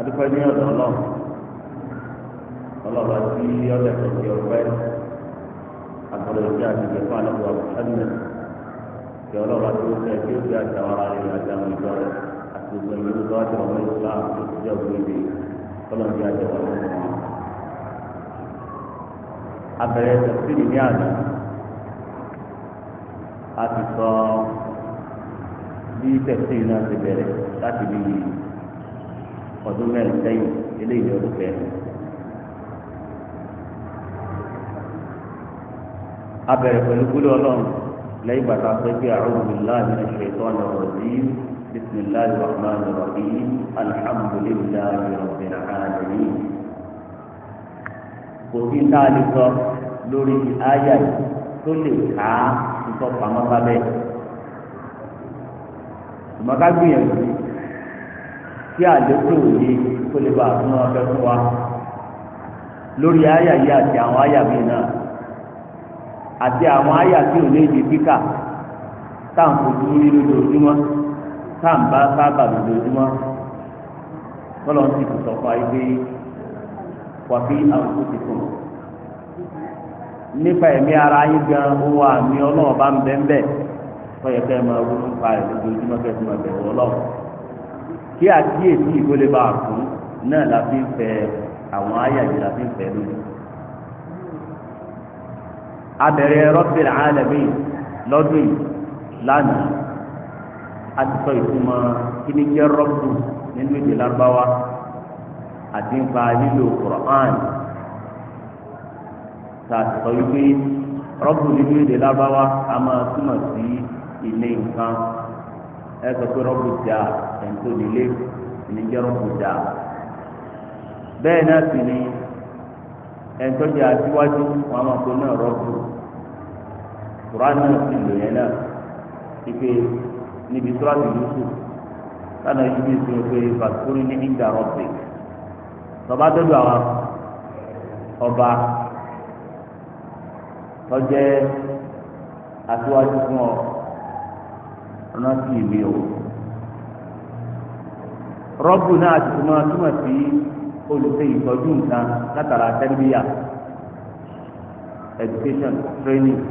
adúpẹ́ ní ọ̀dọ̀ náà ọlọ́ba tí ọ̀dọ̀ ẹ̀kọ́ ti ọ̀pẹ́ àgbọ̀dọ̀ ìjà àti ìjẹ̀fọ́ àlọ́bọ̀ ọ̀pẹ́ kí ọlọ́ba tó fẹ́ kí ó fi àtàwọn ará rẹ̀ àtàwọn ìjọ rẹ̀ àti gbogbo ìlú tó àtàwọn ọmọ Islam tó ti jẹ́ òkú ìdè kọ́lọ́ ti àtàwọn ọmọ Islam. abẹ̀rẹ̀ tẹ̀sílì ní àná a ti sọ bí tẹ̀sílì náà ti bẹ̀rẹ̀ láti bí yìí ọdún mẹ́rin sẹ́yìn eléyìí ni ọdún kẹrin. abẹ̀rẹ̀ pẹ̀lú gbólé ọlọ́run lẹ́yìn bàtà pé kí a'udhu billahi minash shaitanir rajim bismillahir rahmanir rahim alhamdulillahi rabbil alamin. kò sí tá a lè sọ lórí àyà tó lè ká ìtọ́pamọ́ sábẹ́. ìmọ̀ká gbìyànjú kí àlékún òye kó lè fún wa lórí àyà yìí àti àwọn àyà mi náà àti àwọn àyà tí ò léde píkà tá à ń fojú rí lójoojúmọ́ tá à ń bá sábà lójoojúmọ́ kọ́lọ́ ń kò sọ fún ayé wà fi ti nípa ẹ̀mí ara yín gan owó àmì ọlọ́ọ̀bá kí àkíyèsí ìgbélé bá kú náà la fi ń fẹ àwọn ayàyè la fi ń fẹ lónìí. abẹ̀rẹ̀ Rabbil Alamin lọ́dún yìí lánàá a ti sọ ìtumọ̀ kí ni jẹ́ rọ́bù nínú èdè lárúbáwá àti nípa lílo Qur'an ta sọ wípé rọ́bù nínú èdè lárúbáwá a máa túmọ̀ sí ilé nǹkan. ẹ sọ pé rọ́bù dà ẹ̀ńtò nílé ìníjẹ́ rọ́bù dà bẹ́ẹ̀ náà sì ni ẹ̀ńtọ́jà síwájú wọn máa kó náà rọ́bù kùránì náà sì lò yẹn náà ipe níbi sọ́ọ̀tì yusuf sanni ọba tọ́jẹ́ aṣíwájú fún rántí mi o rọ́bù náà ti máa túmọ̀ sí olùṣe ìtọ́jú nǹkan látara tẹ́lifíà education training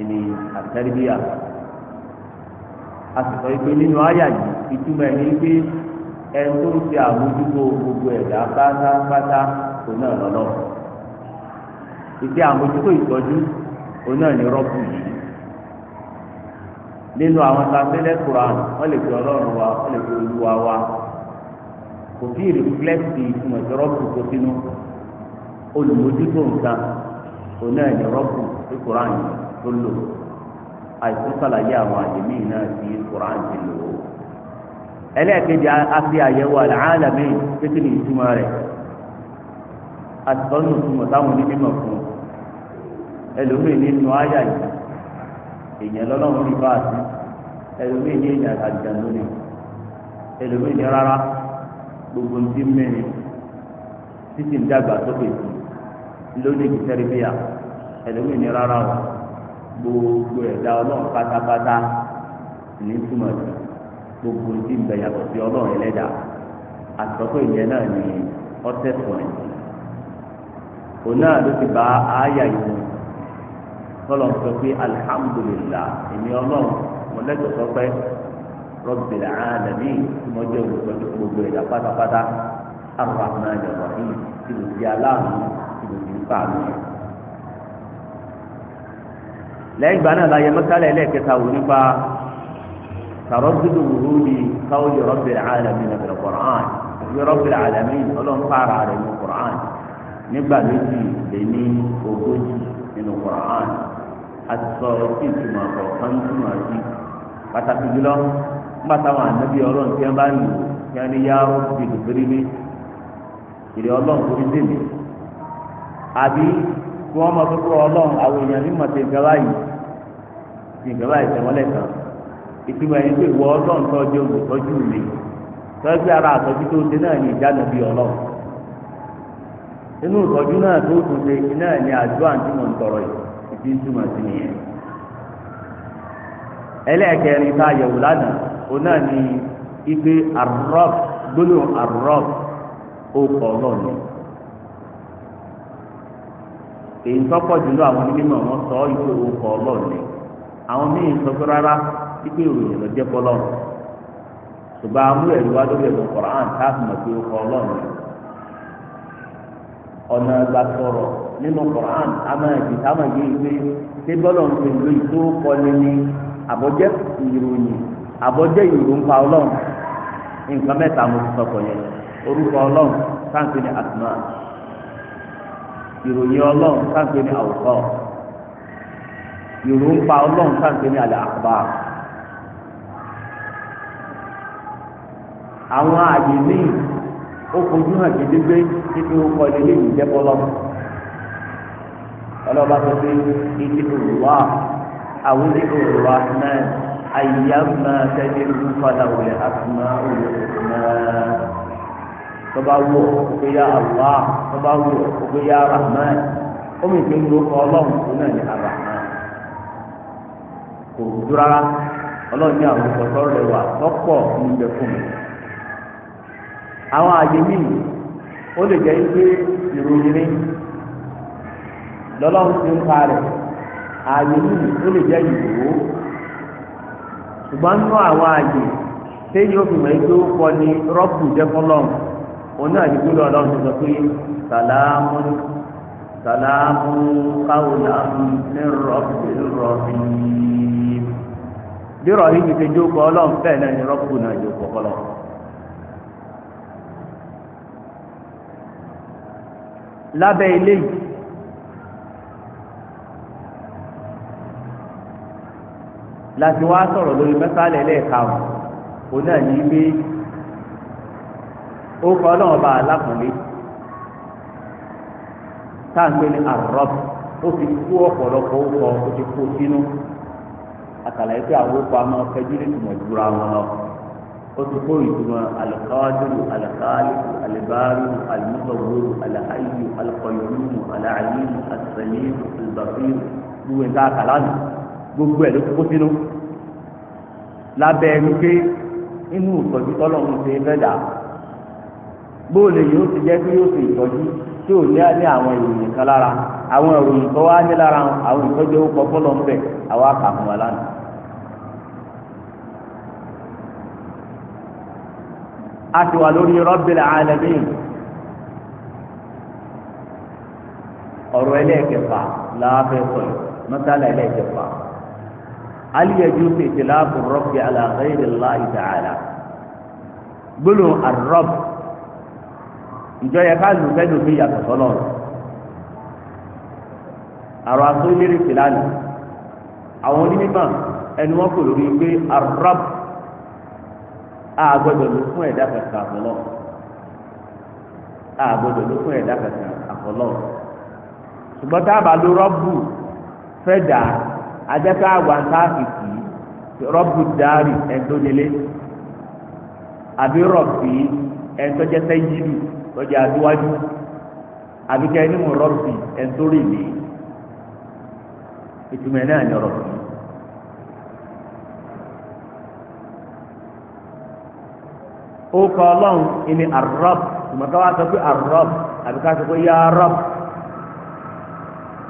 ìní àtẹ́lifíà a sì sọ pé nínú àyà yìí ìtumọ̀ ẹ̀ ní pé ẹni tó ń ṣe àmójútó gbogbo ẹ̀dá pátápátá kò náà lọ́lọ́ ìṣe àmójútó ìtọ́jú òun náà ní rọ́bù yìí nínú àwọn tafẹ́lẹ́ kuran wọ́n lè fi ọlọ́run wa wọ́n lè fi olúwa wa kò tí ì rìflẹ́kìtì ìtumọ̀ ìjọ rọ́pù kó sínú olùmójútó nǹkan oní ẹ̀yìn rọ́pù ní kuran tó lò àìsàn sàlàyé àwọn àyèmí náà sí kuran ti lò ó. ẹlẹ́ẹ̀kejì afi àyẹ̀wò àlàálàmì títí ní ìtumọ̀ rẹ̀ àtìkọ́ ìtumọ̀ táwọn onímọ̀ fún ẹlòmíì nínú àyà yìí èèyàn lọ́lọ́run rí bá a sí ẹlòmíì ní ìyàn àjànú ni ẹlòmíì ní rárá gbogbo ní mẹ́rin títí ní dàgbà sókè sí lónìí kì sẹ́ríbíà ẹlòmíì ní rárá o gbogbo ẹ̀dá ọlọ́run pátápátá ní túmọ̀ sí gbogbo ní ìgbẹ̀yàtọ̀ sí ọlọ́run ẹlẹ́dàá àtọ́kọ̀ ìyẹn náà ní ọtẹ sọ̀rọ̀ yìí òun náà ló ti bá àáyà yìí tọ́lọ̀ sọ pé alihamudulilayi èmi ọlọ́run lẹ́tọ̀ọ́ sọ́pẹ́ Rabbil alamin tí mo jẹ́ olùtọ́jú gbogbo ẹ̀dá pátápátá Ar-Rahman Ar-Rahim tí mo di aláàánú tí mo di nípa àánú yẹn. lẹ́yìn ìgbà náà láyé mọ́tálẹ̀ ẹlẹ́ẹ̀kẹta wò nípa sàrọ́gbìdì wòlú ni káwọ́lì Rabbil alamin nàbẹ̀rẹ̀ Qur'an ìwé Rabbil alamin ọlọ́run fara rẹ̀ ní Qur'an pàtàkì jùlọ nígbà táwọn ànábì ọlọ́run tí wọ́n bá lò kí wọ́n ní yá òbí lòdì ní ìrè ọlọ́run tó ní tèmi àbí kí wọ́n mọ tó kúrò àwọn èèyàn ní mọ̀tẹ́ ìgbàlá yìí ti yìí ìtumọ̀ pé tó ọjọ́ olùtọ́jú mi tọ́jú ara àtọ́jú tó náà ní ìjánu inú ìtọ́jú náà tó tún náà ní àdúrà tí ń tọrọ yìí ẹlẹ́ẹ̀kẹrin tá a yẹ̀wò lánàá òun náà ni igbe arọ́b gbólóhùn arọ́b orúkọ ọlọ́run ni èyí tọ́pọ̀ jùlọ àwọn onímọ̀ wọn sọ ìpè orúkọ ọlọ́run ni àwọn míì sọ pé rárá ìpè ìròyìn lọ jẹ́ pọ́lọ́run ṣùgbọ́n amú ẹ̀rí wá lórí ẹ̀rọ Kọ̀ọ̀án káàpù mọ̀ pé orúkọ ọlọ́run ọ̀nà ìgbà sọ̀rọ̀ nínú Kọ̀ọ̀án a máa jì yé ìgbé ṣé bọ́lọ̀ ń àbọ̀jẹ́ ìròyìn àbọ̀jẹ́ ìròyìn pa ọlọ́run nǹkan mẹ́ta mo ti sọ̀kọ̀ yẹn orúkọ ọlọ́run sáǹpé ní àtúmọ̀ ìròyìn ọlọ́run sáǹpé ní àwùkọ́ ìròyìn pa ọlọ́run sáǹpé ní àlẹ́ àkùbá àwọn àyè míì ó fojú hàn gidigbe títí ó kọ́ ilé yìí jẹ́ bọ́lọ́mù ọlọ́ba tó dé ní títí wà àwùjọ òrò àná àyàmà tẹ́lẹ̀ ń padà wọlé àtúmọ̀ òyìnbó tọba wọ òkè ya Allah tọba wọ òkè ya Rahman omi tó ń lo Ọlọ́run tó náà ní Rahman kò dúró Ọlọ́run ní àwọn ìkọ̀tọ́ rẹ̀ wà tọ́pọ̀ ń fún mi àwọn àyè míì ó lè pé ìròyìn lọ́lọ́run ti ń pa ààyè yìí ó lè jẹ́ ìdòwó ṣùgbọ́n nínú àwọn ààyè téyìn mọ̀ ẹgbẹ́ ni rọ́pù jẹ́ òun náà ní gbọ́dọ̀ ọlọ́run ti sọ pé sàlámù sàlámù ní rọ́pù láti wá sọ̀rọ̀ lórí mẹ́sàlẹ̀ lẹ́ẹ̀karùn òun náà ní pé ó kọ́ ọlọ́run bá alákùnrin táǹpé ní àrọ́b ó fi kú ọ̀pọ̀lọpọ̀ ó kọ ó ti kú sínú àtàlà yìí pé àwọn òkú àmọ́ fẹ́jú lè tùmọ̀ jura wọn lọ ó ti kó ìtumọ̀ alikọ́dúró alikálíkù alibáàrú alimọ́sọ̀wòrò alahayu alikọ̀yọ̀mù alahayu asẹ̀lẹ́mù alibàfíìrù gbogbo nǹkan àkàlà nù. gbogbo ẹ̀ ló kó sínú lábẹ́ ẹni pé inú ìtọ́jú tọ́lọ́run ṣe fẹ́ dà bóòlù yìí ó ti jẹ́ pé yóò ṣe ìtọ́jú tí ò ní ní àwọn ìròyìn kan lára àwọn ìròyìn tó wá ní lára àwọn ìtọ́jú ó fọ́lọ́ ń bẹ̀ lánàá. a ti hali yajuzu ìtìláàfù الرب على غير الله تعالى. gbólóhùn الرب rabb ìjọ yẹ ká lù fẹ́ẹ́ lòmí yàtọ̀ sọ́lọ́ rẹ̀ àrùn àtó lérí tìlánì àwọn onímọ̀ ẹni wọn kò lórí pé ar-rabb a gbọ́dọ̀ lò fún ẹ̀dá kẹta àfọlọ́ a gbọ́dọ̀ fún ẹ̀dá kẹta àfọlọ́ ṣùgbọ́n tá a bá lo rọ́bù fẹ́ dàá ajẹ́ká wà sáfìsì rọ́bù dárì ẹ̀ńtọ́délé àbí rọ̀bì ẹ̀ńtọ́jẹ́sẹ́ yílù lọ́jà àdúwájú àbí kẹ́ ẹni mú rọ́bì ẹ̀ńtọ́rì mi ìtumọ̀ ẹ̀ náà ní rọ̀bì. ó kọ́ ọlọ́run ìní àrọ́b tùmọ̀ ká wá sọ pé àrọ́b àbí ká sọ pé yá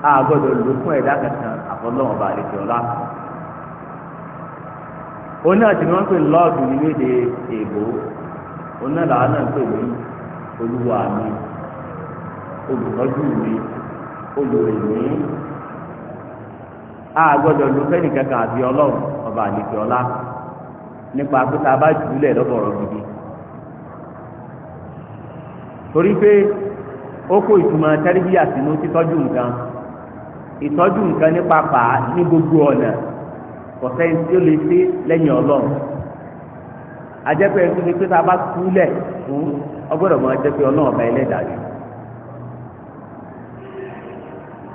a gbọdọ lò fún ẹ̀dá kankan àfọlọ́wọ́n bá àlejò ọlá oní àti ni pè lọ́ọ̀dù nínú èdè èbó oní àlàá náà pè ní olúwa mi olùtọ́jú mi olùrè mi a gbọdọ lò fẹ́ni kankan ọba àlejò ọlá nípa gidi torí pé ó kó ìtumọ̀ sínú títọ́jú ìtọ́jú nǹkan ní pàpà ní gbogbo ọ̀nà kò tí ó lè ṣe lẹ́yìn ọlọ́run ajẹ́pẹ́ tó ní pé tá a bá kúlẹ̀ fún ọgbọ́dọ̀ máa jẹ́ pé ọlọ́run ọba ẹlẹ́dàá yìí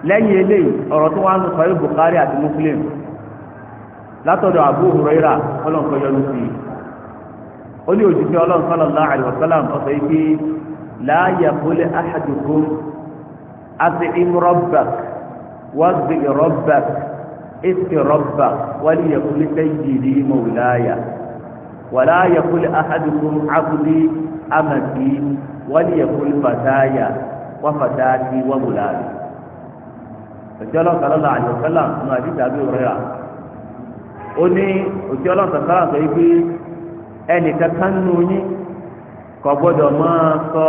lẹ́yìn eléyìí ọ̀rọ̀ tó wá ń sọ àti Muslim látọ̀dọ̀ ọlọ́run ó ní òjijì ọlọ́run واغفر ربك اتق ربك وليقل سيدي مولاي ولا يقل أحدكم عبدي أمتي وليقل فتاي وفتاتي وغلامي òtíọ́lọ́ sọ̀rọ̀ la àyọ̀ sọ́là nù àdìsá bí òrera ó ní òtíọ́lọ́ sọ̀rọ̀ sọ yìí pé ẹnìkan kan nù yín kò gbọ́dọ̀ máa sọ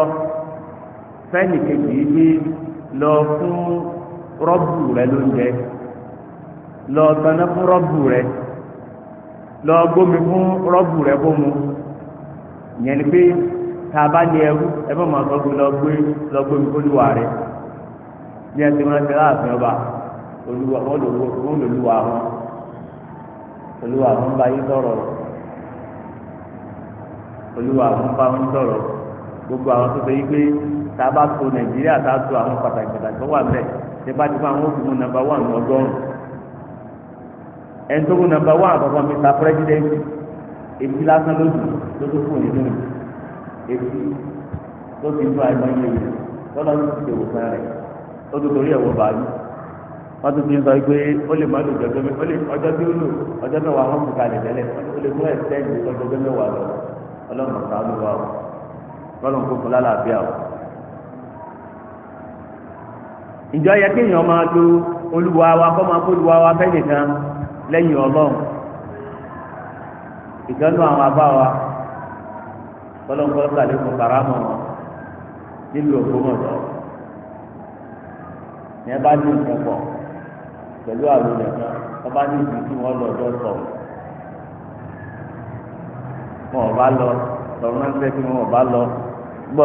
fẹ́nìkejì yìí lọ fún rọ́bù rẹ ló ń jẹ lọ tanná fún rọ́bù rẹ lọ gbómi fún rọ́bù rẹ kó mu ìyẹn ni pé tá a bá ní ẹrú ẹ bá máa sọ pé lọ gbé lọ gbómi fólúwa rẹ ní ẹsẹ̀ máa ṣe láàfin ọba olúwa wọn lò wọn lò lúwa wọn olúwa wọn bá yín sọ̀rọ̀ olúwa wọn bá wọn sọ̀rọ̀ gbogbo àwọn tó ṣe yí pé tá a bá to nàìjíríà tá a to àwọn pàtàkì pàtàkì tó wà bẹ́ẹ̀ tipatipa àwọn òfin mu nàmbà wà ní ọgọ́rùn ẹni tó kú nàmbà wà àkọ́kọ́ mr president èyí lásán lójú tó tó kù nínú èyí tó ti tó àìmọye yìí lọ́dọ̀ tó ti tẹ̀wọ̀ fún rẹ̀ ó tó torí ẹ̀wọ̀ báyìí wọ́n tún fi sọ pé ó lè má lò jọjọ́ mi ó lè ọjọ́ tí ó lò ọjọ́ mẹ́wàá wọn kù kalẹ̀ tẹ́lẹ̀ ó lè mú ẹ̀sẹ̀ ìdíjọ́ jọjọ́ mẹ́wàá lọ ọlọ́run ọ̀sán ló wà ó ìjọ yẹ kéèyàn máa lo olúwa wa kọ́ máa kó olúwa wa fẹ́ nìkan lẹ́yìn ọlọ́run ìkànnù àwọn abá wa kọ́lọ́ńkọ́ sàlékún karamọ́ nílùú Ògbómọ̀ṣọ́ ní bá ní nǹkan pọ̀ pẹ̀lú àlọ́ bá ní tí wọ́n lọ ọjọ́ sọ wọn lọ lọ́rùn náà ń wọn ò bá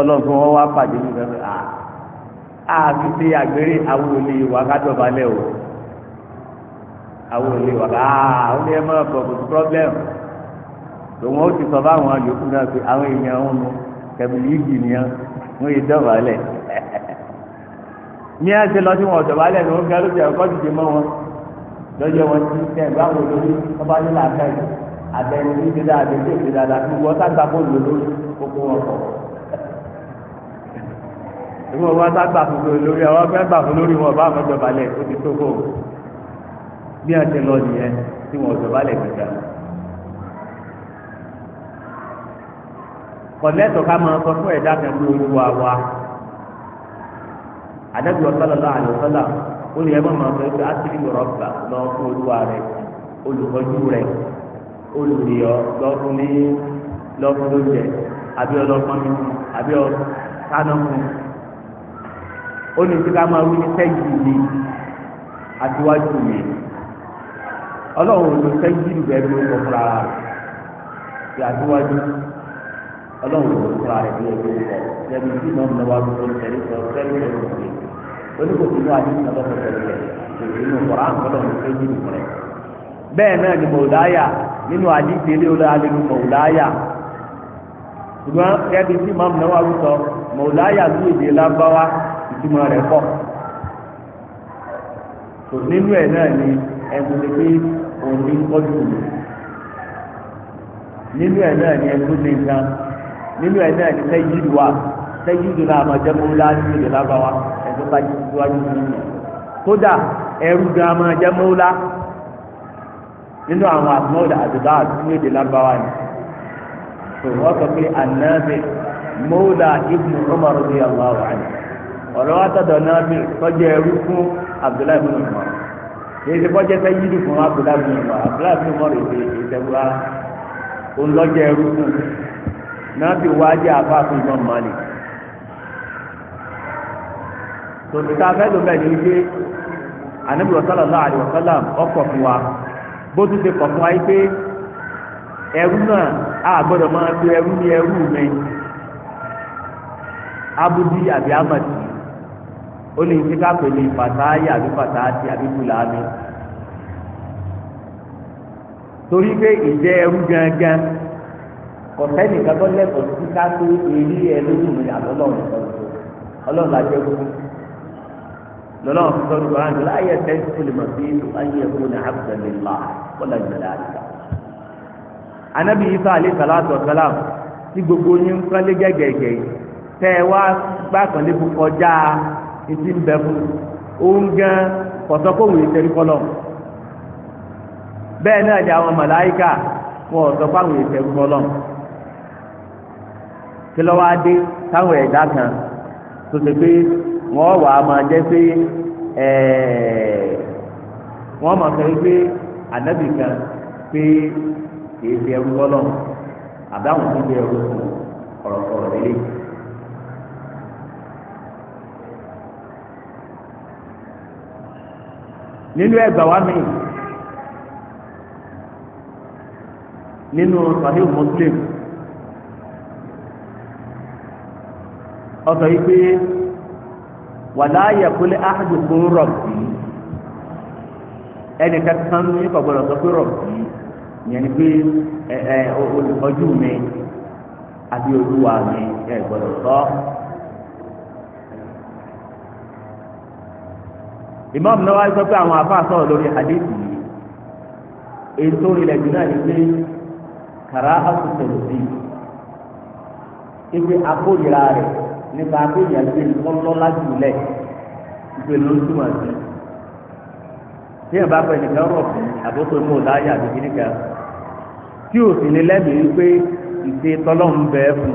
lọ gbọ́ àfi ṣe àgbèrè àwọn olè wà ká dọ̀bálẹ̀ o àwọn olè wà ká àwọn olè máa bọ̀ kò sí problem tòun ó ti sọ fáwọn àjòkú náà pé àwọn èèyàn ń nu kẹ̀mílì yìí nìyẹn wọ́n yé dọ̀bálẹ̀ ní ẹsẹ̀ lọ sí wọn dọ̀bálẹ̀ ni wọ́n gbé alóòjì ẹ̀kọ́ dìde mọ́ wọn lọ́jọ́ wọn ti tẹ̀ báwo lórí ọba nílà abẹ́rẹ́ abẹ́rẹ́ ní ti dáadáa ní ti dáadáa gbogbo ọ ìwọ wa bá gbà fún lórí àwọn afẹ́ gbà fún lórí wọn bá àwọn jọbalẹ̀ ó ti tó kó bí a ti lọ nìyẹn tí wọn kọ̀lẹ́tọ̀ ká máa sọ fún ẹ̀dá kan fún máa sọ pé lọ fún olúwa rẹ̀ olùkọ́jú rẹ̀ lọ fún ní lọ fún lóúnjẹ àbí ó isi ti ká máa wí ní sẹ́yìdì àtiwájú mi ọlọ́run ló sẹ́yìdì bẹ́ẹ̀ ló kọ́ fúnra rẹ̀ ti àtiwájú ọlọ́run ló fúnra rẹ̀ bí ẹgbẹ́ ìkọ́ tí sọ ló kọ́ oníkòtò náà ní tẹ̀lé rẹ̀ tòkè kọ́ra rẹ̀ bẹ́ẹ̀ náà ni ṣùgbọ́n ìtumọ̀ rẹ̀ pọ̀ tò nínú ẹ̀ náà ni ẹnu lè pé òun ní tọ́jú mi nínú ẹ̀ náà ni ẹnu lè gan nínú ẹ̀ náà ni sẹ́yìn wà sẹ́yìn náà máa jẹ́ mọ́ láti ìdè lábáwá ẹ̀sọ́ bá jù síwájú nínú ẹ̀ kódà ẹrú gan máa jẹ́ mọ́ lá nínú àwọn àtúnwò àdùbá àtúnwò èdè lábáwá ni tò wọ́n sọ pé ànábì mọ́lá ibnu Umar radiyallahu anhu. ọ̀rọ̀ àtọ̀dọ̀ náà fi tọ́jú ẹrú fún abdullahi bin umar èyí ti kọjá sẹ́yìn yìí fún abdullahi bin umar abdullahi bin umar èdè ìtẹ̀wúrà òun ẹrú fún náà fi wá jẹ́ àbá fún ìmọ̀ mọ́lẹ̀ tòtítà fẹ́ẹ́ bẹ́ẹ̀ ni wípé ànábìrò sallallahu alaihi wasallam ọkọ̀ fún wa bó tún ti kọ̀ fún wa ẹrú náà máa fi ẹrú ní ẹrú mi ó lè ṣe ká pè ní pàtàyà àbí pàtàtì àbí fúlàmì torí pé ìjẹ ẹrú gangan kọ̀tẹ́ nìkan tó lẹ́kọ̀ọ́ sí ká tó èrí ẹ lójú mi àlọ́lọ́run ọlọ́run la jẹ́ gbogbo lọ́lọ́run fi sọ́dún kọ́ra nígbà ayé ẹ̀sẹ̀ ń sọ́dún mọ̀ sí ayé ẹ̀kọ́ ní abdulilá kọ́lá ìgbàlá àdìgbà. anabi isa alayhi salatu salam tí gbogbo yín kọ́lé gẹ́gẹ́ tẹ́ wá gbàkànlé kọjá etí ń bẹ fún òun gan kọ̀sọ́kọ̀wé ìtẹ̀rí fọlọ́ bẹ́ẹ̀ náà ni àwọn màláìkà wọn ò sọ kí lọ́wọ́ adé táwọn ẹ̀dá kan tó ṣe pé wọ́n wà á máa jẹ́ pé wọ́n máa sọ pé ànábì kan pé kì í ṣe nínú ẹgbà wa mi nínú Sahih Muslim ọsọ yìí pé wàlá yẹkulẹ ahadukum rọbì ẹnì kankan ní kọgbọdọ sọ pé rọbì yẹn ni pé ẹ ẹ ojú mi àti olúwa mi ẹ gbọ́dọ̀ sọ. Imam Nawawi sọ pé àwọn afa sọ̀rọ̀ lórí hadith yìí ètò ilẹ̀ jù náà ní pé kàrá àtúntò sí ibi akóyira rẹ̀ nípa akéèyàn gbé lọ́lọ́lá jùlẹ̀ gbé lójúmọ̀ sí tí ẹ̀ bá pẹ̀ nìkan rọ̀ fún àbótó mú láyà àbíkí nìkan tí ò sì ní lẹ́mìí pé ìṣe tọ́lọ́run bẹ́ẹ̀ fún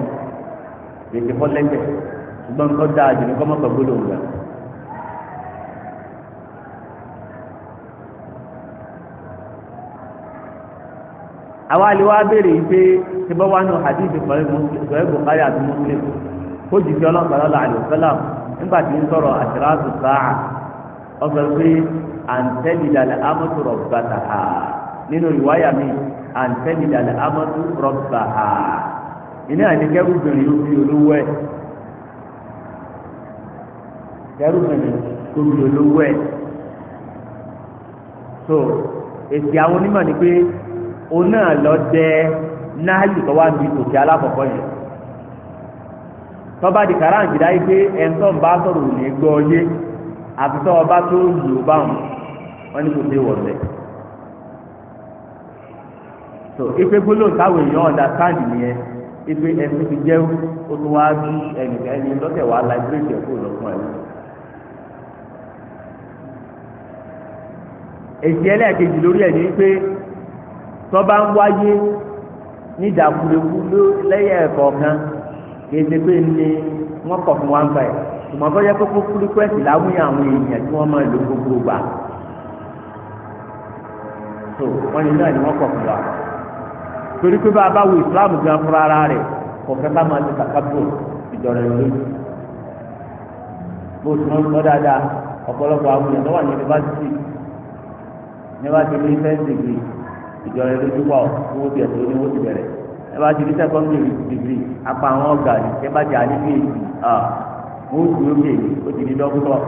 ètò fọ́lẹ́jẹ̀ ṣùgbọ́n tó dáa jù ní kọ́mọ́tò gbólóhùn rẹ̀. àwa lè wá béèrè yìí pé ṣe bọ́ wá nù hadith sọ̀rọ̀ Bukhari àti Muslim kó jìbí ọlọ́pàá lọ́la àlùfẹ́lá nígbà tí ń sọ̀rọ̀ àṣírásù sáà ọgbẹ́ pé àǹtẹ́lìdàlẹ̀ amọ́tò rọ̀bà tàhà nínú ìwáyà mi àǹtẹ́lìdàlẹ̀ amọ́tò rọ̀bà hà ìní àdìgẹ́rùbìnrin ló fi olówó ẹ̀ gẹ́rùbìnrin ló fi olówó ẹ̀ so èsì àwọn onímọ̀ ni pé. ona lọ dẹ náàyù tó wá tòkè tọ́ba di kàráǹjì dáyé pé ẹ̀ńtọ́ ń bá sọ̀rọ̀ òní gbọ́ yé ọba tó lò bá wọn wọn kò dé ife gbólóhùn táwọn èèyàn ọ̀dà sáàdì nìyẹn ife ti bí ẹnìkan ẹni tọ́ba ń wáyé ní ìdàkúrẹ́kú lẹ́yìn ẹ̀kọ́ kan kéde pé ní wọ́n kọ̀ fún wa ń bẹ̀ ṣùgbọ́n tó yẹ kókó kúrúkúrẹ́sì láwùjọ àwọn èèyàn tí wọ́n máa lò gbogbo gbà so wọ́n ní náà ni wọ́n kọ̀ fún wa torí pé bá a bá wo Islam gan fúnra ara rẹ̀ kò fẹ́ ká máa ti kàkà bò ìjọra ìlú bó ti wọ́n sọ dáadáa ọ̀pọ̀lọpọ̀ àwọn èèyàn tó wà ní yunifásitì ní wàá ti ní fẹ́ẹ́ dìgbì ìjọba ẹgbẹ́ tó wà ó owó tiẹ̀ tó ní owó ti bẹ̀rẹ̀ ẹ bá ti di sẹ́kọ́ndìrì dìgírì apá àwọn ọ̀gá ni ẹ bá ti àní bí èyí à wọ́n ti lókè ó ti di dókítọ̀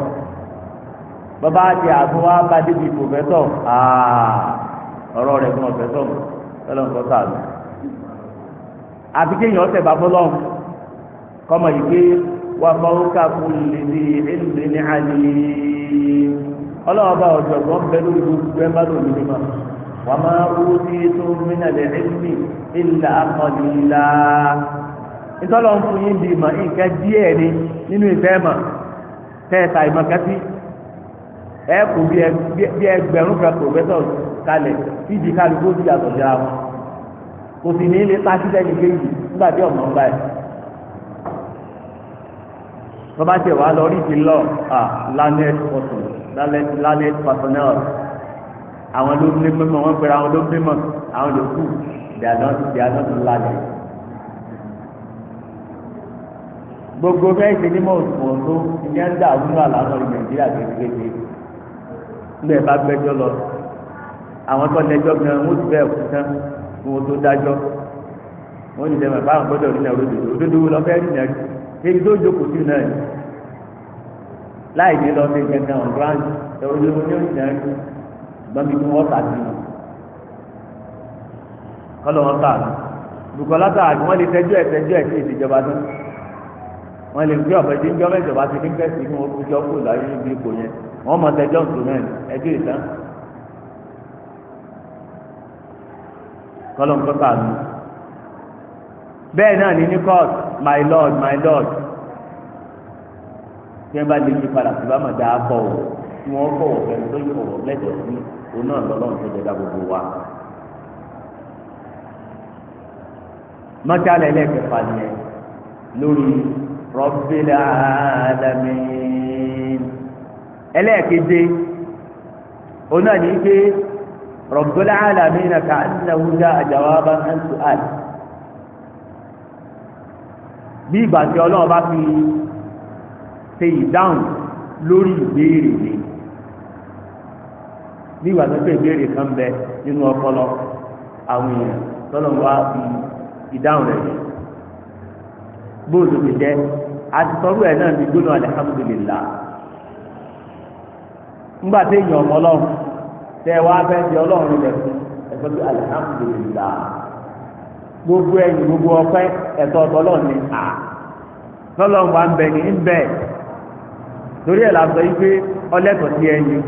bàbá àti àbọ̀ wa bá débi pòfẹ́sọ̀ àà ọ̀rọ̀ rẹ̀ fún ọ̀fẹ́sọ̀ ọlọ́nkọ́ sàlù àfi kéèyàn ọ̀sẹ̀ bá fọlọ́n kọ́mọ yìí pé wà fọwọ́ká kú lè di ẹlùmí ní àlè ọlọ́wọ́ bá ọ̀jọ̀gbọ́n bẹ́ẹ̀ lórí gbogbo ẹ̀ bá lòmìnira. وما أوتيتم من العلم إلا قليلا ìtọ́lọ̀ ń fún yín di ìmọ̀ nǹkan díẹ̀ ni nínú ìfẹ́ mọ̀ tẹ́ẹ̀ta ìmọ̀ kẹ́sí ẹ kù bí ẹgbẹ̀rún kan pòfẹ́sọ̀ kalẹ̀ fíjì kálukú ti yàtọ̀ síra wọn kò sì ní ilé pàṣẹ lẹ́nu kéjì nígbà tí ọ̀mọ̀ ń bá ẹ̀. tọ́ba tẹ̀ wá lọ rí ti lọ à lánẹ́t pọ̀tù lánẹ́t pàtọ́nẹ́ọ̀tì àwọn ló ní mímọ wọn pẹ̀lú àwọn ló ní mímọ àwọn ló kù ìdáná ìdáná tó lálẹ́. gbogbo bẹ́ẹ̀ ṣe ní mọ̀ òṣùwọ̀n tó ní ẹ̀ ń dà wúlò àlànà ní nàìjíríà kékeré ńlẹ̀ bá gbẹ́jọ́ lọ àwọn tó lẹ́jọ́ gan wọ́n ti bẹ́ẹ̀ kú tán kí wọ́n tó dájọ́ wọ́n ti dẹ́mọ̀ báwọn gbọ́dọ̀ nínú ẹ̀rọ òdodo òdodo lọ fẹ́ẹ́ nínú ẹ̀rí tó jókòó sí náà láì ní lọ sí gẹ́gẹ́ ọ̀n ṣùgbọ́n mi kí wọ́n tà sí wọn kọ́lọ̀ wọn tà ní Bukola tà àti wọ́n lè tẹ́jọ́ ẹ̀ tẹ́jọ́ ẹ̀ sí ìṣèjọba tán wọ́n lè gbé ọ̀fẹ́ tí ń jọ́mọ́ ìjọba ti ní kẹ́sì fún wọn fúnjọ́ kó láyé níbi ipò yẹn wọ́n mọ tẹ́jọ́ nǹkan ẹjọ́ ìtàn kọ́lọ̀ nǹkan tà ní bẹ́ẹ̀ náà ní ní court my lord my lord tí wọ́n bá lè yí padà sí bá mọ̀ dáa pọ̀ wọ́n tí wọ́n bọ̀wọ̀ fẹ́ni tó yọ̀wọ̀ lẹ́dẹ̀ẹ́ sí òun náà lọ́lọ́run tó dẹ̀dá gbogbo wa. mọ́tàlẹ́ lẹ́ẹ̀kẹfà nìyẹn lórí Rabbil alamin ẹlẹ́ẹ̀keje òun náà ní pé Rabbil alamin nàkà àdínàwó dá jawaban an su'al bí ìgbà ọlọ́run bá fi ṣe ìdáhùn lórí ìbéèrè mi ní ìwà tó pé ìbéèrè kan bẹ nínú ọpọlọ àwọn èèyàn tọ́lọ̀ wá fi ìdáhùn rẹ̀ bóòlù ti jẹ́ àtisọ́rù ẹ̀ náà ní gbóná alihamudulilá ńgbà tí èèyàn ọmọ wá gbogbo ẹ̀yìn gbogbo ọpẹ́ ẹ̀tọ́ ni à tọ́lọ̀ wá ń bẹ ní ń bẹ torí ẹ̀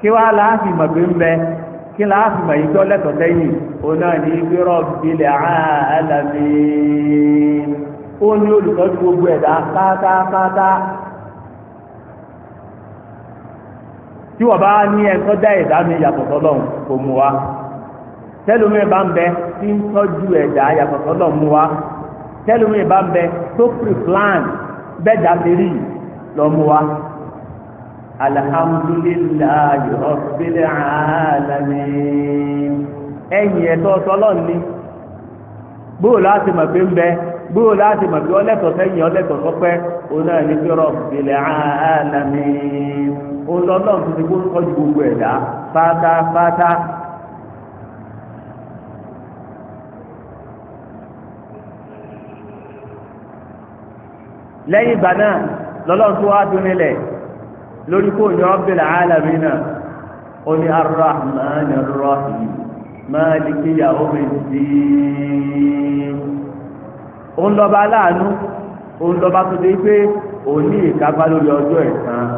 kí wàá láàfin mọ̀ pé ń bẹ kí láàfin mọ̀ yìí tó lẹ́tọ̀ọ́ sẹ́yìn òun náà ní gbérò bílẹ̀ alamin ó ní olùtọ́jú gbogbo ẹ̀dá pátápátá tí wọ́n bá ní ẹ̀kọ́ dá ẹ̀dá mi yàtọ̀ sọ́lọ́hún kò mú wa tẹ́lómi bá ń bẹ tí ń tọ́jú ẹ̀dá yàtọ̀ sọ́lọ́hún mú wa tẹ́lómi bá ń bẹ tó pre plan bẹ́ẹ̀ dá mi rí lọ́ mú wa alihamudulilayi rabbil alamin ẹ̀yìn ẹ̀tọ́ sọlọ́ ni bóòlù láti mọ̀ pé ń bẹ bóòlù láti mọ̀ pé ọlẹ́tọ̀ sẹ́yìn ọlẹ́tọ̀ sọpẹ́ ọ̀nà ẹni pé rabbil alamin ọlọ́lọ́run tó ti kó tọ́jú gbogbo ẹ̀dá pátápátá. lẹ́yìn ìgbà náà lọ́lọ́run tó wá dún nílẹ̀ lórí kó ní Rabbil alamin ó ní Ar-Rahman Ar-Rahim Maliki yawmiddin òun lọ́ba aláàánú òun lọ́ba tó dé pé òun ní ìkápá lórí ọjọ́ ẹ̀san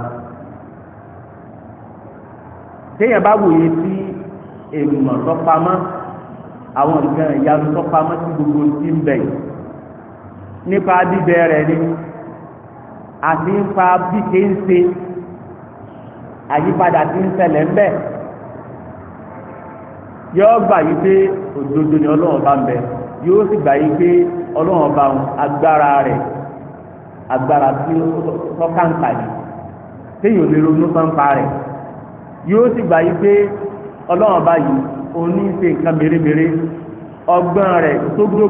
téèyàn bá wòye sí èèmọ̀ tọ́pamọ́ àwọn nǹkan ìyanu tọ́pamọ́ sí gbogbo tí ń bẹ nípa bíbẹ rẹ̀ ni àti nípa bí kéńse. àyípadà ti ń ṣẹlẹ̀ ń bẹ̀ yóò gbà yí pé òdodo ni ọlọ́run bá ń bẹ yóò sì gbà yí pé ọlọ́run bá ń agbára agbára tí ó kàǹkà ni téèyàn lè ronú pampa rẹ̀ yóò sì gbà yí pé ọlọ́run bá tó gbó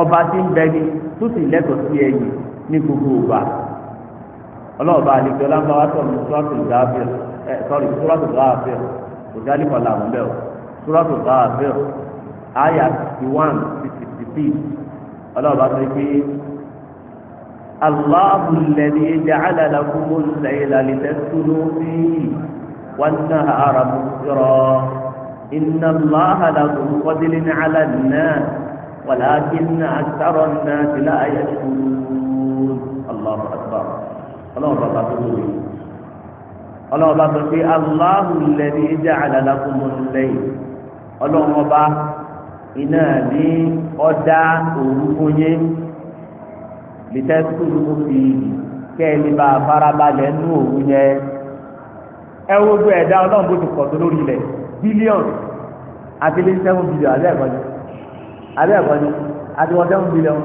ọba ń bẹ ni tó sì lẹ́tọ̀ọ́ sí ọlọ́ọ̀bá àdìgbò lágbára sọ̀rọ̀ sọ́ọ̀tù gáàbìr ẹ sọ́ọ̀rì sọ́ọ̀tù gáàbìr kò dálí kọ̀là àwọn bẹ́ẹ̀ o sọ́ọ̀tù gáàbìr àyà sixty one sixty six ọlọ́ọ̀bá sọ pé aláàbù lẹ́ni jàálà lakumu lẹ́yìnlá lẹ́tẹ́sùnú sí wàhánà àràbù sọ̀rọ̀ iná láhà lakumu kọ́dílì ní àlà náà wàlákin àtàrọ̀ náà ti láàyè ṣùgbọ́n Allahu ọlọ́run bàbá tó tóbi ọlọ́run bá sọ pé aláhu lẹ́ni ìjà àlàlákùnmó lẹ́yìn ọlọ́run ọba iná ní ọ̀dá òwúfún yín lìtẹ́sùkúrú kò fi kẹ́ẹ̀lì bá farabalẹ̀ nú òwú yẹn ẹ wo gbé ẹ̀dá ọlọ́run bó ti pọ̀ tó lórí ilẹ̀ bílíọ̀nù àti sẹ́wọ̀n bílíọ̀nù àbẹ́ ẹ̀kọ́ ni àbẹ́ ẹ̀kọ́ ni àti sẹ́wọ̀n bílíọ̀nù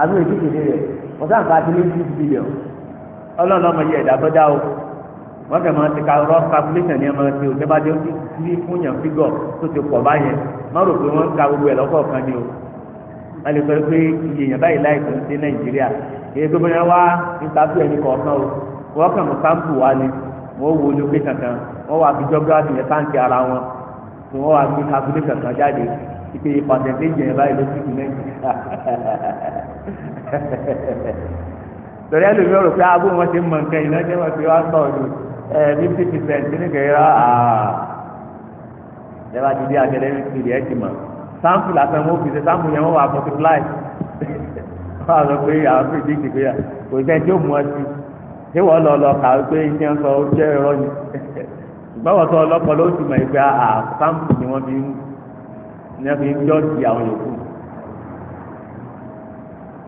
àbí òye kékeré rẹ̀ wọ́n sáǹkà àti lé sẹ́wọ̀n bílíọ̀nù. ọlọ́run ọmọ yẹ ẹ̀dá bọ́dá o wọ́n fẹ́ máa ti ka rough calculation ní ẹ̀ma ti o tẹ́bá dé ní fún yàn fígọ̀ tó ti pọ̀ báyẹn má rò pé wọ́n ka gbogbo ẹ̀ lọ́kọ̀ kan ni o a lè pé iye yàn báyìí láì tún sí nàìjíríà èyí tó wá ẹni o wọ́n kàn mú wa ni wọ́n wo location kan wọ́n wá yẹn ara wọn wọ́n wá calculation kan jáde ìpè báyìí ló torí ẹlòmíràn rò pé aago ah, wọn ti mọ nǹkan iná jẹ́ wọn ti wá sọ ọdún ẹ fifty percent ní kẹrẹ aa ẹ bá ti di academic study ẹ ti mọ sample àti àwọn òfìsẹ sample yẹn wọn wà multiply wọn àlọ pé àwọn predict pé kò sẹ́ tí ó mú ọ sí ṣé wọ́n lọ lọ kà ó pé iṣẹ́ ń sọ ó jẹ́ ẹ̀rọ ni ṣùgbọ́n sọ ọlọ́pàá ló ti mọ̀ ẹ́ pé àà sample ni wọ́n fi ń jọ́ sí àwọn yòókù.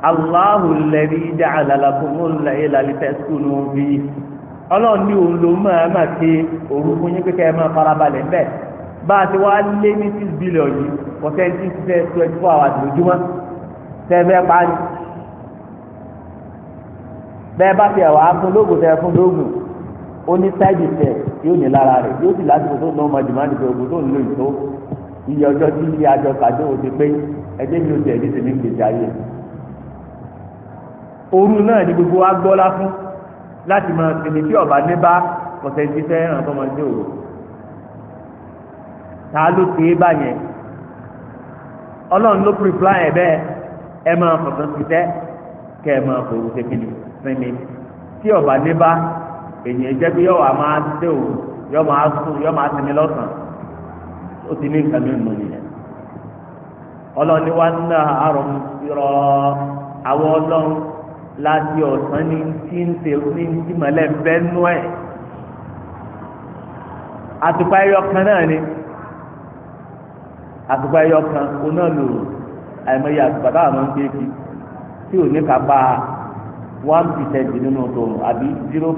Allahu lẹ́rí ja'ala lakumul layla litaskunu fihi ọlọ́run ní òun ló máa ma ṣe òru fún yín kékeré máa farabalẹ̀ ń bẹ̀ bá a ti wá lé ní six billion yìí percentage twenty four hours lójúmọ́ tẹ́fẹ́ parí wá fún lóògùn tẹ́ ó ní táìdì yóò ní lára rẹ̀ yóò sì jùmọ́ tó ń lò iye ọjọ́ tí ilé kàdé òde pé ẹgbẹ́ mi ò òru náà ni gbogbo wa gbọ́lá fún láti máa sinmi tí ọba ní bá ọ̀sẹ̀ ti fẹ́ràn tó máa ń dé òru ta ló ti é báyẹn ọlọ́run ló pèpìlá ẹ̀ bẹ́ẹ̀ ẹ máa fọ̀sán ti tẹ́ kẹ́ ẹ máa fòrò ṣe kí ni sinmi tí ọba ní bá èyàn jẹ́ pé yọ̀wá máa dé òru yọ̀ máa sùn yọ̀ máa sinmi lọ́sàn-án ó ti ní nǹkan mìíràn nìyẹn ọlọ́run ni wá ń ná àrùn ìrọ̀ àwọn ọlọ́run. láti ọ̀sán ní tí ń tẹ ní tí mọ̀lẹ́ bẹ́ nú ẹ̀ kan náà ni ẹyọ kan náà lò àìmọye táwọn máa ń gbé tí ò ní ká bá one percent nínú àbí zero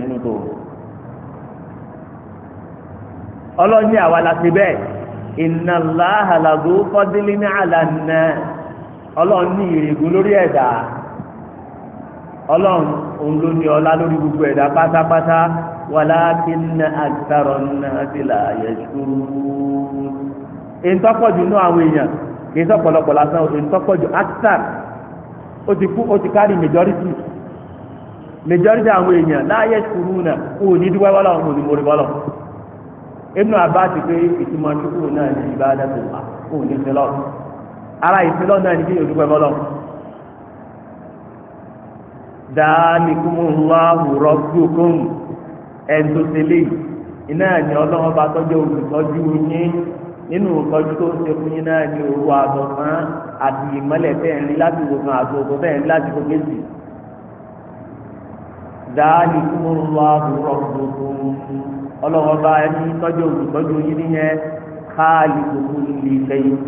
nínú tó la ti bẹ́ẹ̀ ìrègùn lórí ọlọ́run òun ló ní ọlá lórí gbogbo ẹ̀dá pátápátá walakinna aktharan nasi la yashkurun. ìtọ́pọ̀jù nú àwọn èèyàn kì í sọ̀pọ̀lọpọ̀ lásán ìtọ́pọ̀jù aksar ó ti kú ó ti kárí majority majority àwọn èèyàn la yashkuruna kò ní dúpẹ́ wọ́lọ́ òun ò ní mórí bọ́lọ̀ Ibnu Abbas pé ìtumọ̀ ṣukú náà ní ibadatu kò ní sílọ̀ ara ìsílọ̀ náà ní kí yóò dúpẹ́ bọ́lọ̀ dáálíkùmùláhù rọ́gbùkùn ẹ̀ńtòsílẹ̀ iná ni ọlọ́wọ́ bá tọ́jú olùtọ́jú yín nínú ìtọ́jú tó ń ṣe fún yín náà ni òru àtọ̀kan àti ìmọ́lẹ̀ tẹ̀ ń láti wòkan àti òkú tẹ̀ ń rí láti kókèjì. dáálíkùmùláhù rọ́gbùkùn ọlọ́wọ́ bá ẹni tọ́jú olùtọ́jú yín nìyẹn káàlì gbogbo lè lẹ́yìn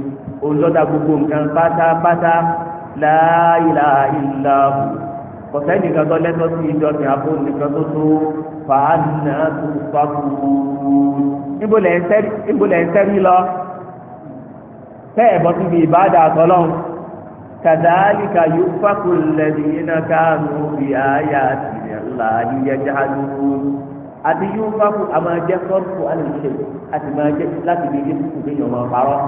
olùdọ́dà gbogbo nǹkan pátápátá la ilaha illa kọ̀sẹ́ nìkan tó lẹ́tọ́ sí ìjọ ní abó nìkan tó tó fàánà tó fàkùrù níbo lẹ̀ ń sẹ́rí lọ tẹ́ ẹ̀bọ tó fi ìbáàdà àtọ́lọ́hún kàdáàlìkà yóò fàkùlẹ̀dì iná káànù bí àyà tìrẹ̀ ńlá yíyájá lóru àti yóò fàkù àmàjẹ́ sọ́ọ̀tù àlùṣe àti màjẹ́ láti bí ibi tó fi yàn parọ́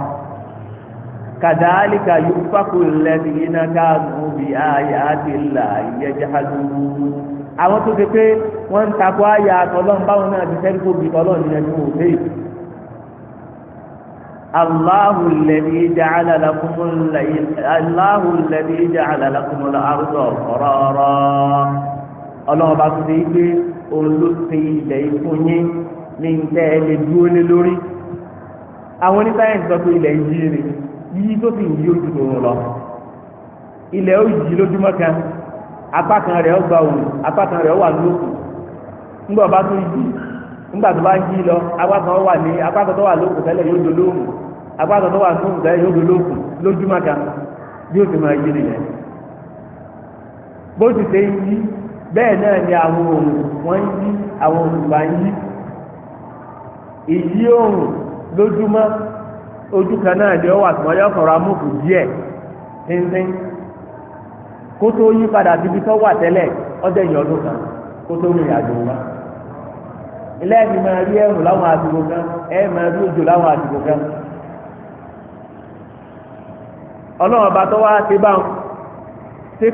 kàdáálíkà yóò fàkó lẹ́nu iná káàmù bí ayé àti ìlà ìyẹ́jẹ́ àdúgbò. àwọn tó ṣe pé wọ́n ń takò ayé àtọ́lọ́n báwọn náà ti fẹ́ẹ́ kó bí tọ́lọ́n ní ẹni wò léyìí. Allahu lẹ́ni ja'ala lakumul Allahu lẹ́ni ja'ala lakumul arda qarara. ọlọ́run bá tún ṣe é pé òun ló ṣe ilẹ̀ ìfún yín ní yíyí tó ti yí ojú lọ ilẹ̀ ó yí lójúmọ́ kan apá kan rẹ̀ ó gba òun apá kan rẹ̀ ó wà ńgbà bá tó yí ńgbà tó bá yí lọ apá kan wà ní apá kan tó wà tẹ́lẹ̀ yóò do lóhùn apá kan tó wà tẹ́lẹ̀ yóò do lójúmọ́ kan yóò ti máa yí nìyẹn bó ti ṣe yí bẹ́ẹ̀ náà ni àwọn wọ́n ń yí àwọn ojú kan náà ni ó wà tí wọ́n yọ sọ̀rọ̀ amókù tíntín kó tó yí padà síbi tó wà tẹ́lẹ̀ ọdẹ yìí ọdún kan kó tó rìn àjò wa ilé ẹni máa rí ẹrù láwọn àdúgbò kan ẹ máa rí òjò láwọn àdúgbò kan ọlọ́run ọba tó wá ti bá wọn ṣé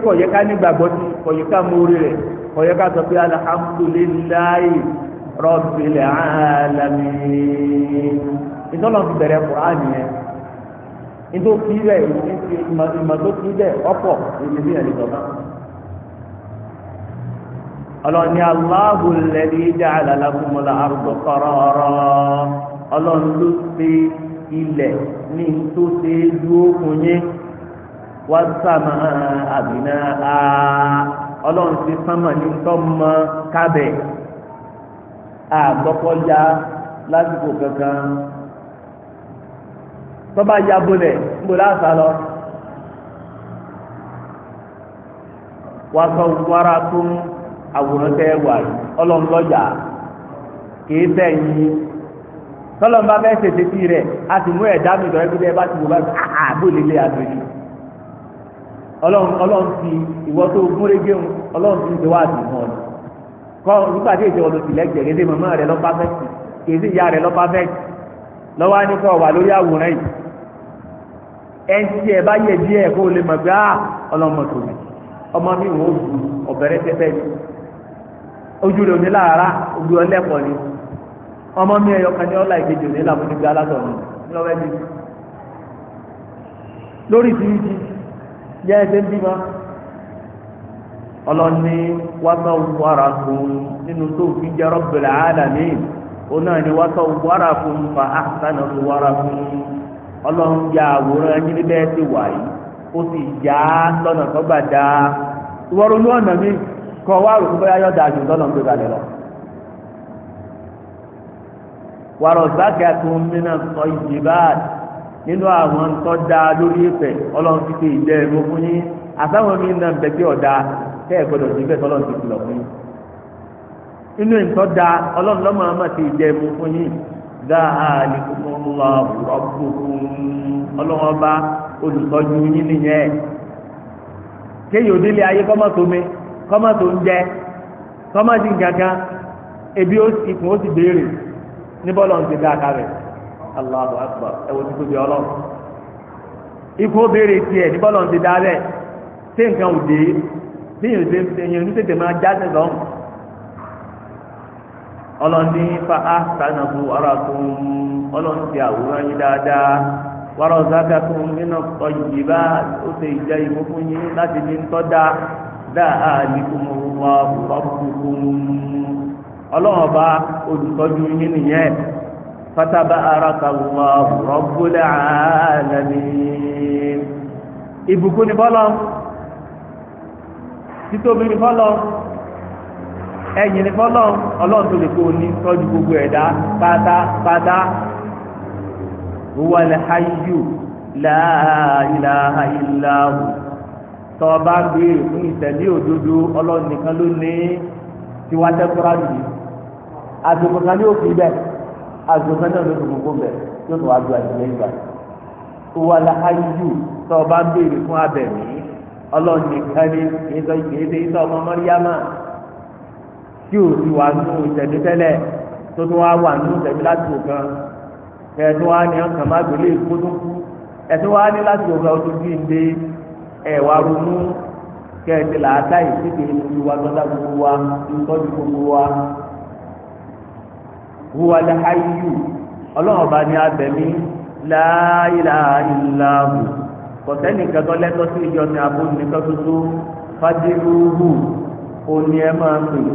rẹ̀ ìtọ́nà ti bẹ̀rẹ̀ Qur'an yẹn nítorí fi rẹ̀ ìmọ̀ tó fi ọ̀pọ̀ èyí ní ẹ̀rí ọlọ́ni Allahu alladhi ṣe ilẹ̀ ní tó ṣe dúró fún yín sàmà àbínà á ọlọ́run ti tọ́ba ya bolẹ̀ mbola láàfà lọ. wàtò wàrà tún àwòrán tẹ wà ọlọ́nlọ́jà kìí sẹ́yìn tọ́lọ́mbà bẹ́ẹ̀ ṣèṣe sí rẹ̀ a sì mú mi bá ti wò bá tó gúnrégé ń ń wá nígbà tí èdè ìyá lọ wà lórí àwòrán yìí E ẹ bá yẹ díẹ̀ kó o lè mọ̀ pé a ah, ọlọmọ ọmọ mi wò ó bu ọbẹrẹ tẹtẹ mi ojú rẹ òní làárá ojú ni ọmọ mi ẹyọ kan ní ọlá ìkejì òní làwọn onígbà alásọrọ ní ọbẹ mi lórí ìdíríjì yẹ ẹsẹ ń ọlọ́ni wàtọ̀ wàrà fún nínú fi ni wàtọ̀ wàrà fún fa wàrà ọlọ́run ya àwòrán yín níbẹ̀ ti wà yìí ó sì yá lọ́nà tó gbà dáa ìwọ ronú ọ̀nà mi kọ wá rò bóyá yọ̀ dáa jù lọ́nà tó gbà lọ. wàrọ̀ sákẹ́ àtún mìíràn sọ ìdí báyìí nínú àwọn tó dáa lórí ìfẹ́ ọlọ́run ti fi ìdẹ́ ẹ̀rọ fún yín àtàwọn mi nà bẹ̀ tí ọ̀dà tẹ́ gbọ́dọ̀ sí bẹ́ẹ̀ tọ́lọ́run ti fi lọ fún yín. inú ìtọ́ da ọlọ́run lọ́mọ dáhàlìkùn lọ́wọ́ rọ́bùkùn ọlọ́wọ́ba olùtọ́jú yín nìyẹn kéèyàn délé ayé kọ́mọ́ tó ń jẹ kọ́mọ́ ebi ikùn ó sì béèrè ń ti dá aka rẹ̀ Allahu Akbar ẹ wo bí ọlọ́run ó béèrè tiẹ̀ ń ti dá rẹ̀ nǹkan ń tètè máa já ọlọ́ni fa ahsanahu arakum ọlọ́ni ti àwòrán yín dáadáa wàrà ọ̀sáka tó ń nínú ọ̀yìn bá ó ṣe ìjà ìbò fún yín láti ní tọ́da dáa àlìkùn wà ọ̀bùkùn ọlọ́wọ́n bá olùtọ́jú yín nìyẹn fataba arakawa rabbul alamin ìbùkún ni fọlọ́ títóbi ni fọlọ́ ẹ̀yìn ní fọlọ́n ọlọ́run tó lè kó o ní tọ́jú gbogbo ẹ̀dá pátápátá wọlé hayyu la ilaha illa hu tọ́ ọ bá ń béèrè e fún ìtẹ̀lé òdodo ọlọ́run nìkan ló ní tiwa tẹ́kọ́rọ́ àdùnnì àsìkò kan ní òfin bẹ́ẹ̀ àsìkò kan náà ló fi gbogbo bẹ́ẹ̀ yóò tó wá ju àdìyẹ ìgbà wọlé hayyu tọ́ ọ bá ń e fún abẹ̀mí ọlọ́run nìkan ní kí ẹ sọ ìkéde ìtọ́ ọmọ tí o ti wà nù ìtẹ̀mí tẹ́lẹ̀ tó tó wá wà nù ìtẹ̀mí láti òkan ẹ̀ tó wá ní ọkàn má gbélé ìkótó ẹ̀ tó wá ní láti òkan o tó bí n dé ẹ̀ wá ronú kẹ́ẹ̀tì làákà ìsìkè ìlú wa gbọ́dá gbogbo wa ìtọ́jú gbogbo wa. Huwa al-hayyu ọlọ́run bá ní abẹ̀mí la ilaha illa hu kọ̀tẹ́nì kẹtọ́ lẹ́tọ́ sí ìjọ ní abúlé nìkan tuntun fájírúhù òní ẹ̀ máa ń pè é.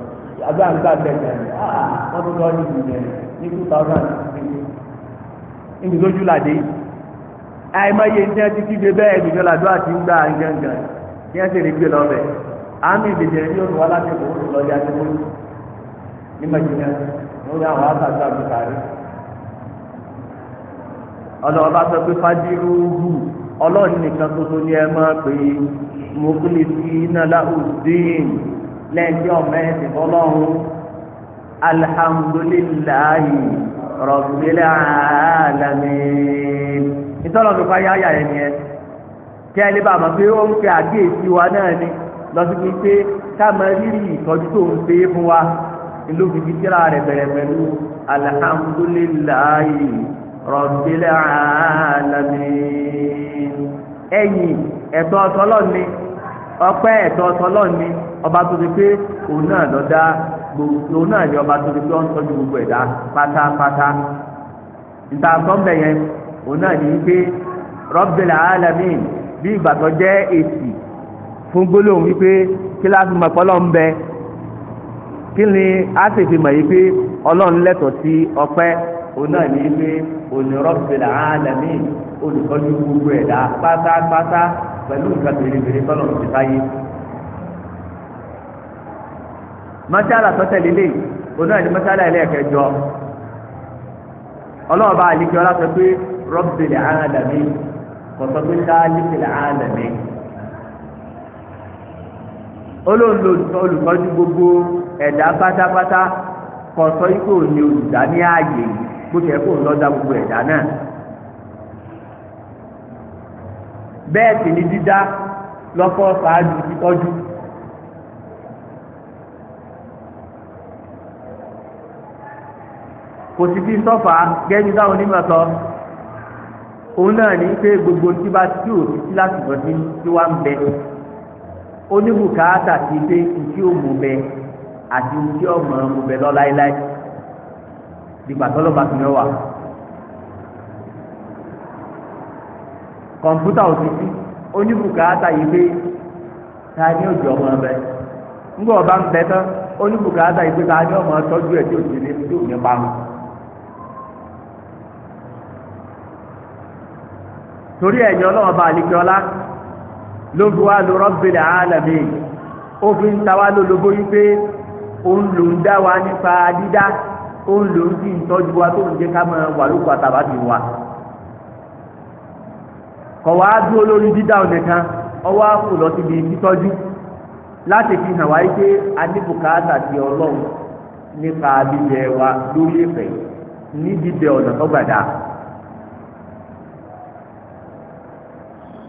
àbí àgbà tẹ̀lé ah, ah, wọ́n tún lọ́ọ́ níbi yẹn ní two thousand níbi lójú làdé àìmọye ní ẹtí kígbe bẹ́ẹ̀ ìdíjọ́ làdó àti ńgbà gángan ní ẹsẹ̀ lè gbé lọ́bẹ̀ àmì láti tó ní àwọn sọ pé hù ọlọ́ọ̀ni nìkan ẹ máa pè é sí láhùn dín lẹ́yìn ọmọ ẹ̀sìn fọlọ́run alihamudulilayi rọ̀bìlẹ̀ alami. ìtọ́lọ̀ mi fáyà yà ẹ̀ nìyẹn kí ẹ lè bá a mọ̀ pé ó ń pe àkíyèsí wa náà ni lọ́sibí pé ká mọ rírì ìtọ́jú tó ń pè é fún wa ìlú fìdí kíra rẹ̀ bẹ̀rẹ̀ pẹ̀lú alihamudulilayi rọ̀bìlẹ̀ alami. ẹ̀yìn ẹ̀tọ́ ọ̀tọ́lọ́ ni ọpẹ́ ẹ̀tọ́ tọlọ ni ọba tó ti pé òun náà lọ dá gbogbo òun náà ni ọba tó ti pé ó ń tọ́jú gbogbo ẹ̀dá pátápátá níta sọmbẹ yẹn òun náà ní pé Rabbil alamin bí ìgbà tó jẹ́ èsì fún gbólóhùn wípé kí láti mọ ọpọlọ ń bẹ kí ni a sì fi mọ̀ yìí pé ọlọ́run lẹ́tọ̀ọ́ sí ọpẹ́ òun náà ní pé òun ni Rabbil alamin olùtọ́jú gbogbo ẹ̀dá pátápátá pẹ̀lú nǹkan bèrèbèrè tọ́lọ̀ ti táyé. mọ́ṣálà tọ́tẹ̀ lélẹ̀ oná ẹni mọ́ṣálà ẹlẹ́ẹ̀kẹjọ ọlọ́ọ̀bá àlejò ọlá sọ pé rabbil alamin kọ̀tọ́ pé khaliqil alamin olùtọ́jú gbogbo ẹ̀dá pátápátá kọ̀tọ́ ikú ni olùdá ní ààyè bó ṣe kó ń lọ́dá gbogbo ẹ̀dá náà. bẹ́ẹ̀ sì ni dídá lọ́kọ́ ṣáájú títọ́jú. kò sí kí sọ́fà gẹ́gẹ́ táwọn onímọ̀ sọ òun náà ní pé gbogbo tí bá tí ò títí láti bọ̀ ní tí wá ń bẹ oníbùkátà ti pé ìdí òmù bẹ àti ìdí ọmọ ọmọ bẹ lọ láéláé dìgbà tọ́lọ́ bá fi mẹ́wàá. kọmputa osisi onye sí ata yìí pé ta ni ó jọ ọmọ ọbẹ̀ ńgbọ́ ọba ń bẹ tán oníbùkátà yìí pé ta ni ọmọ tọ́jú ẹ̀ tí ò torí ẹ̀yìn ọlọ́run bá ló wá lọ ó fi ń ta wá lólobó yìí pé òun ló ń dá wa nípa dídá òun ló ń ń tọ́jú wa tó kọwa á dúró lórí dídá òde kan ọwọ́ á lọ síbi títọ́jú láti fi hàn wáyé pé adébùkátà ti ọlọ́run nípa bíbẹ wa lórí ìfẹ́ ní bíbẹ ọ̀nà tó gbàdá.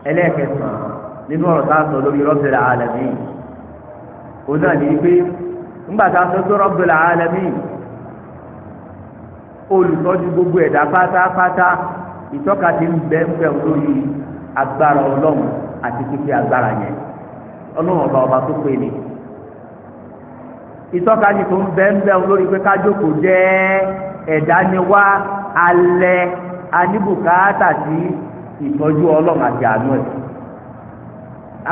ẹlẹ́ẹ̀kẹsàn-án nínú ọ̀rọ̀ tá a sọ lórí náà ní pé ńgbà tá a sọ ìtọ́ka ti ń bẹ́ ń bẹ́ lórí agbára ọlọ́run àti pípé agbára yẹn ọlọ́run ọba ọba tó pé ni ìtọ́ka ti tó ń bẹ́ ń bẹ́ lórí pé kájókòó jẹ́ ẹ̀dá ni wá alẹ́ aníbùkátà sí ìtọ́jú ọlọ́run àti àánú ẹ̀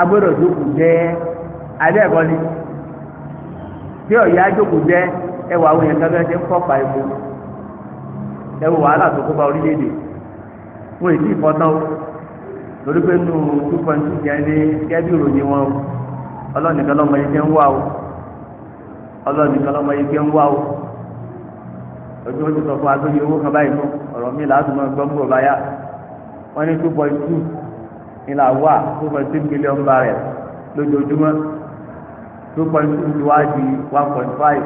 agbẹ́rọ̀ jẹ́ alẹ́ ẹ̀kọ́ ni ọ̀yá jẹ́ ẹwà àwọn èèyàn kan fẹ́ẹ́ ti ń wọn èsì ìfọtán torí pé nù two point two jẹ́ ní kẹ́bí ìròyìn wọn ọlọ́ọ̀nìkan lọ́mọ yìí jẹ́ ń wá o ọlọ́ọ̀nìkan lọ́mọ yìí jẹ́ ń wá o ojú wọn ti sọ fún wa lórí owó kan báyìí fún ọ̀rọ̀ mi láti máa gbọ́ mbọ̀ báyà wọ́n ní two point two ní là wà two point two million barrel lójoojúmọ́ two point two ti wá di one point five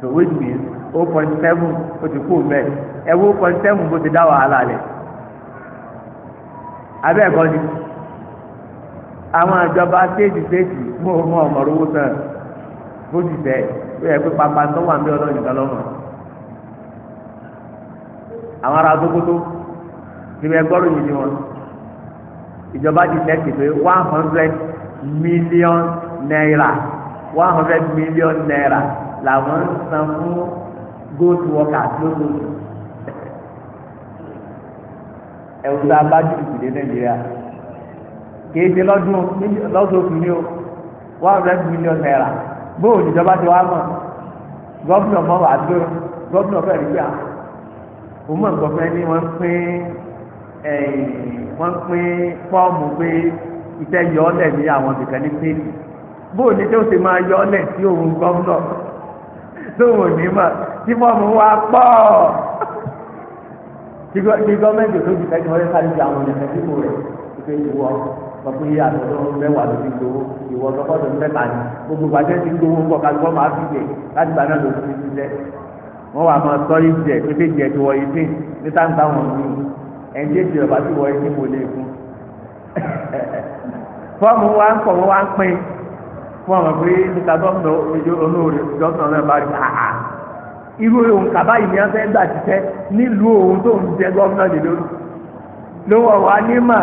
so which means oh point seven ó ti kú bẹ́ẹ̀ ẹ̀wọ́ kọ́ńtẹ́mù bó ti dá wàhálà rẹ̀ abẹ́ ẹ̀kọ́ ni àwọn ìjọba stéèjì stéèjì mú ọmọ ọmọrú wó sàn bó ti tẹ̀ ó yẹ pé pàpà tó wà ń bí ọlọ́run nìkan lọ́mọ àwọn ará Sókótó níbi ẹgbọ́rún yìí ni wọn ìjọba ti tẹ̀sí pé one hundred million naira one hundred million naira làwọn ń san fún gold worker lóṣooṣù ẹ̀wù tá a bá jù jù dé nàìjíríà kì í ṣe lọ́dún lọ́sọ̀ọ̀sù ni o one hundred million naira bóòlù ìjọba ti wá mọ̀ gọ́fìnà mọ́ wàá dúró gọ́fìnà fẹ́ẹ̀ rí bíà mọ̀ nǹkan ni wọ́n pín wọ́n pín fọ́ọ̀mù pé iṣẹ́ yọ ọ́ lẹ̀ ní àwọn ìkànnì pínlẹ̀ bóòlù tó ṣe máa yọ ọ́ lẹ̀ sí òun gọ́fìnà tóun ò ní mọ̀ tí fọ́ọ̀mù wa pọ̀ tí gọ́ọ̀mẹ́ntì ò tóbi fẹ́ẹ́ kí wọ́n sáré ju àwọn ẹ̀fẹ́ dípò rẹ̀ pé ìwọ sọ pé àtọ̀dọ̀ mẹ́wàá ló ti gbowó ìwọ sọ́kọ́dọ̀ mẹ́ta ni gbogbo gbàdé ti gbowó ń bọ̀ kálukọ́ máa fi láti gbà náà ló ti ti jẹ wà máa sọ yìí jẹ pé jẹ ti wọ ìpín ní táǹtà wọn ní ẹni tí èdè ọ̀bá ti wọ ìpín mo lè fún. fọ́ọ̀mù wa ń pọ̀ wọ́n wá ń pín fún ọmọ pé níta gọ́ọ̀nà onóore gọ́ọ̀nà náà irú ohun kàbá yìí ni wọ́n fẹ́ gbà títẹ́ nílùú ohun tó ń jẹ gómìnà lè lórí lówó ọ̀rọ̀ anímà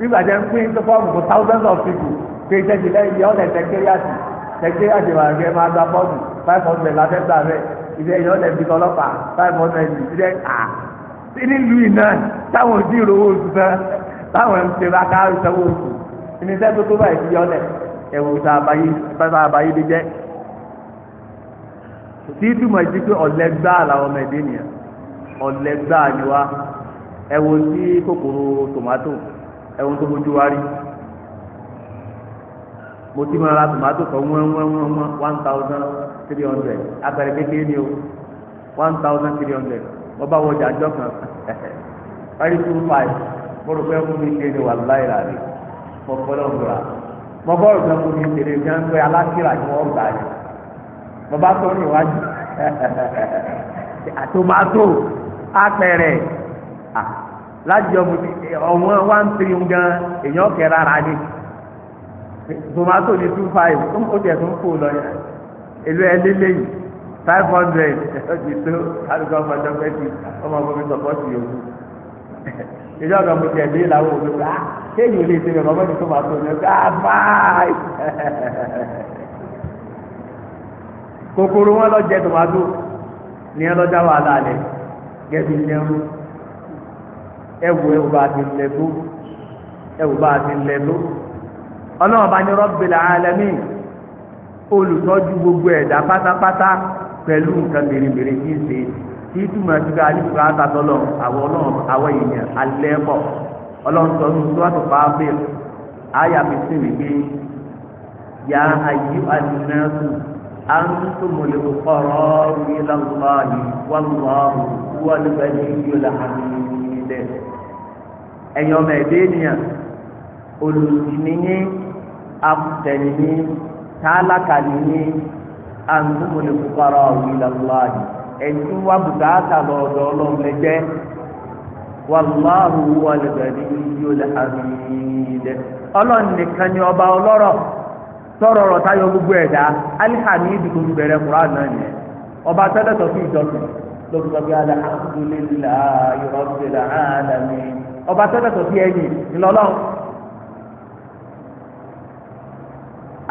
nígbà tẹ́ ń pín tó fọ́ọ̀mù for thousands of people pé ìtẹ́jú lẹ́yìn ọ̀lẹ̀ sẹ̀kẹ́rìàtì sẹ̀kẹ́rìàtì wà kẹ́ máa gba fọ́ọ̀mù five hundred láfẹ́ gbà rẹ̀ ìdẹ́ ìyọ́lẹ̀ bí ọlọ́pàá five hundred ìdẹ́ à nílùú iná táwọn òdì ìrówó oṣù tán táwọn ń ṣe bá ká ìsanwó oṣù ìníṣẹ́ tó tó báyìí fi yọ́lẹ̀ ẹ̀wò tá a báyìí tí túmọ̀ sí pé ọ̀lẹ́gbá làwọn ọmọ ẹ̀dẹ́ nìyẹn ọ̀lẹ́gbá ni wá ẹ̀wò sí kòkòrò tòmátò ẹ̀wò tó fojú wa rí mo ti máa ra tòmátò kan wọ́n wọ́n wọ́n wọ́n one thousand three hundred abẹ́rẹ́ kékeré ni o one thousand three hundred wọ́n bá wọ ọjà àjọ kan thirty two five mo rò pé fún mi ṣe ni wà láì rà rí mo fọlọ́ gbọ́ra mo bọ́ọ̀rù fẹ́ fún mi ṣe ni fẹ́ aláṣírà ni wọ́n gbà yìí bàbá tó ní ìwájú àtòmátò apẹ̀rẹ̀ láti ọmọ one three gan èèyàn kẹrẹ ara ni tomato ni two five ó tẹ̀ tó ń fò lọ yẹn èlò ẹ lélẹ́yìn five hundred ọ̀dì tó alùpùpù ọmọ ọjọ́ pẹ́ẹ́tì ọmọ ọmọ mi sọ̀pọ̀tì yòókù ìjọ ọ̀gá mo tẹ̀ dé ìlàwọ̀ òwe bá kéèyàn ah, lè ṣe ìrọ̀lọ́mọ́ni tomato ní ọjọ́ àbáyé. Ah, kòkòrò wọn lọ jẹ tòmátò ní ẹ lọ́jà wàhálà rẹ gẹ̀ẹ́sì lẹ́rú ẹ̀wù ẹ̀wù bá ti lẹ̀ tó ẹ̀wù bá ti lẹ̀ tó ọlọ́run bá ní Rabbil Alamin olùtọ́jú gbogbo ẹ̀dá pátápátá pẹ̀lú nǹkan mèremère ní ìṣe tí túmọ̀ sí ká ní ìfúra àtàtọ́lọ̀ àwọn ọlọ́run àwọn èèyàn alẹ́ bọ̀ ọlọ́run sọ ní sọ́wọ́tò pàápẹ́ àyà mi sì rí pé yà á yí àdínẹ́sùn. أنتم الفقراء إلى الله والله هو الغني الحميد ẹ̀yin ọmọ ẹ̀dẹ́ ènìyàn olùsìnìyí akutẹ̀nìyí tálákànìyí àǹtúmọ̀lẹ̀ fúkàrà ọ̀wìlàláàdì ẹ̀jú wa bùkátà lọ́dọ̀ ọlọ́run lẹ́jẹ́ wàláhùn wàlẹ̀ bẹ̀rẹ̀ yíyí ọ̀lẹ̀ àmì ìdẹ ọlọ́run nìkan ni ọba ọlọ́rọ̀. tọrọ ọ̀rọ̀ táyọ gbogbo ẹ̀dá alihamidu tó fi bẹ̀rẹ̀ kuran náà yẹn ọba sẹlẹsọ fún ìjọsìn lórí sọ ala alhamdulillahi rabbil alamin ọba sẹlẹsọ fún ẹ̀yìn ńlọlọrun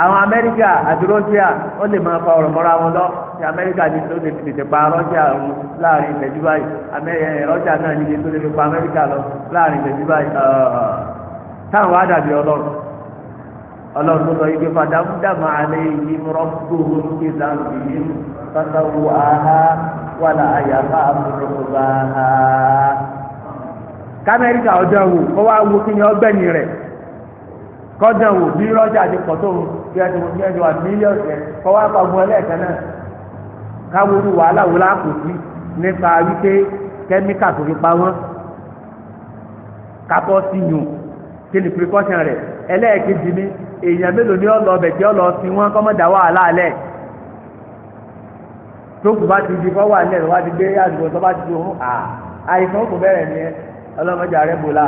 àwọn amẹ́ríkà àti rọ́ṣíà ó lè máa fa ọ̀rọ̀ mọ́ra wọn lọ ti amẹ́ríkà ní tó lè tètè pa rọ́ṣíà ọ̀hún láàrin báyìí eh, rọ́ṣíà náà ní tó lè fi pa amẹ́ríkà lọ láàrin báyìí táwọn wá dàbí ọlọ́run. ọlọ́run tó sọ yìí pé fàdámùdàmà alẹ́ yìí rọ́pò ní zambi yìí fàtàwù àhá wàlà àyàfà àfọlọ́kọ̀bà àhá. kámẹ́ríkà ọjọ́ wò kó wá wo kí ni ọgbẹ́ni rẹ̀ kọ́dà wò bí rọ́jà ti pọ̀ tó bí ẹni wọ́n yẹn wà mílíọ̀nù yẹn kọ́ wá pa ọmọ ẹlẹ́ẹ̀kan náà káwọ́rù wàhálà wò láàpò nípa wípé kẹ́míkà tó fi pa wọ́n kápọ́ sí yùn kí ni precaution rẹ̀ ẹlẹ́ẹ̀kejì ni èèyàn mélòó ni ọlọ ọlọ sin wọn kọ́ mọ́dà tó kù bá ti di kọ́ wà nílẹ̀ wá ti gbé tó bá ti di à àìsàn kò bẹ̀rẹ̀ ni ọlọ́mọdé ààrẹ bò la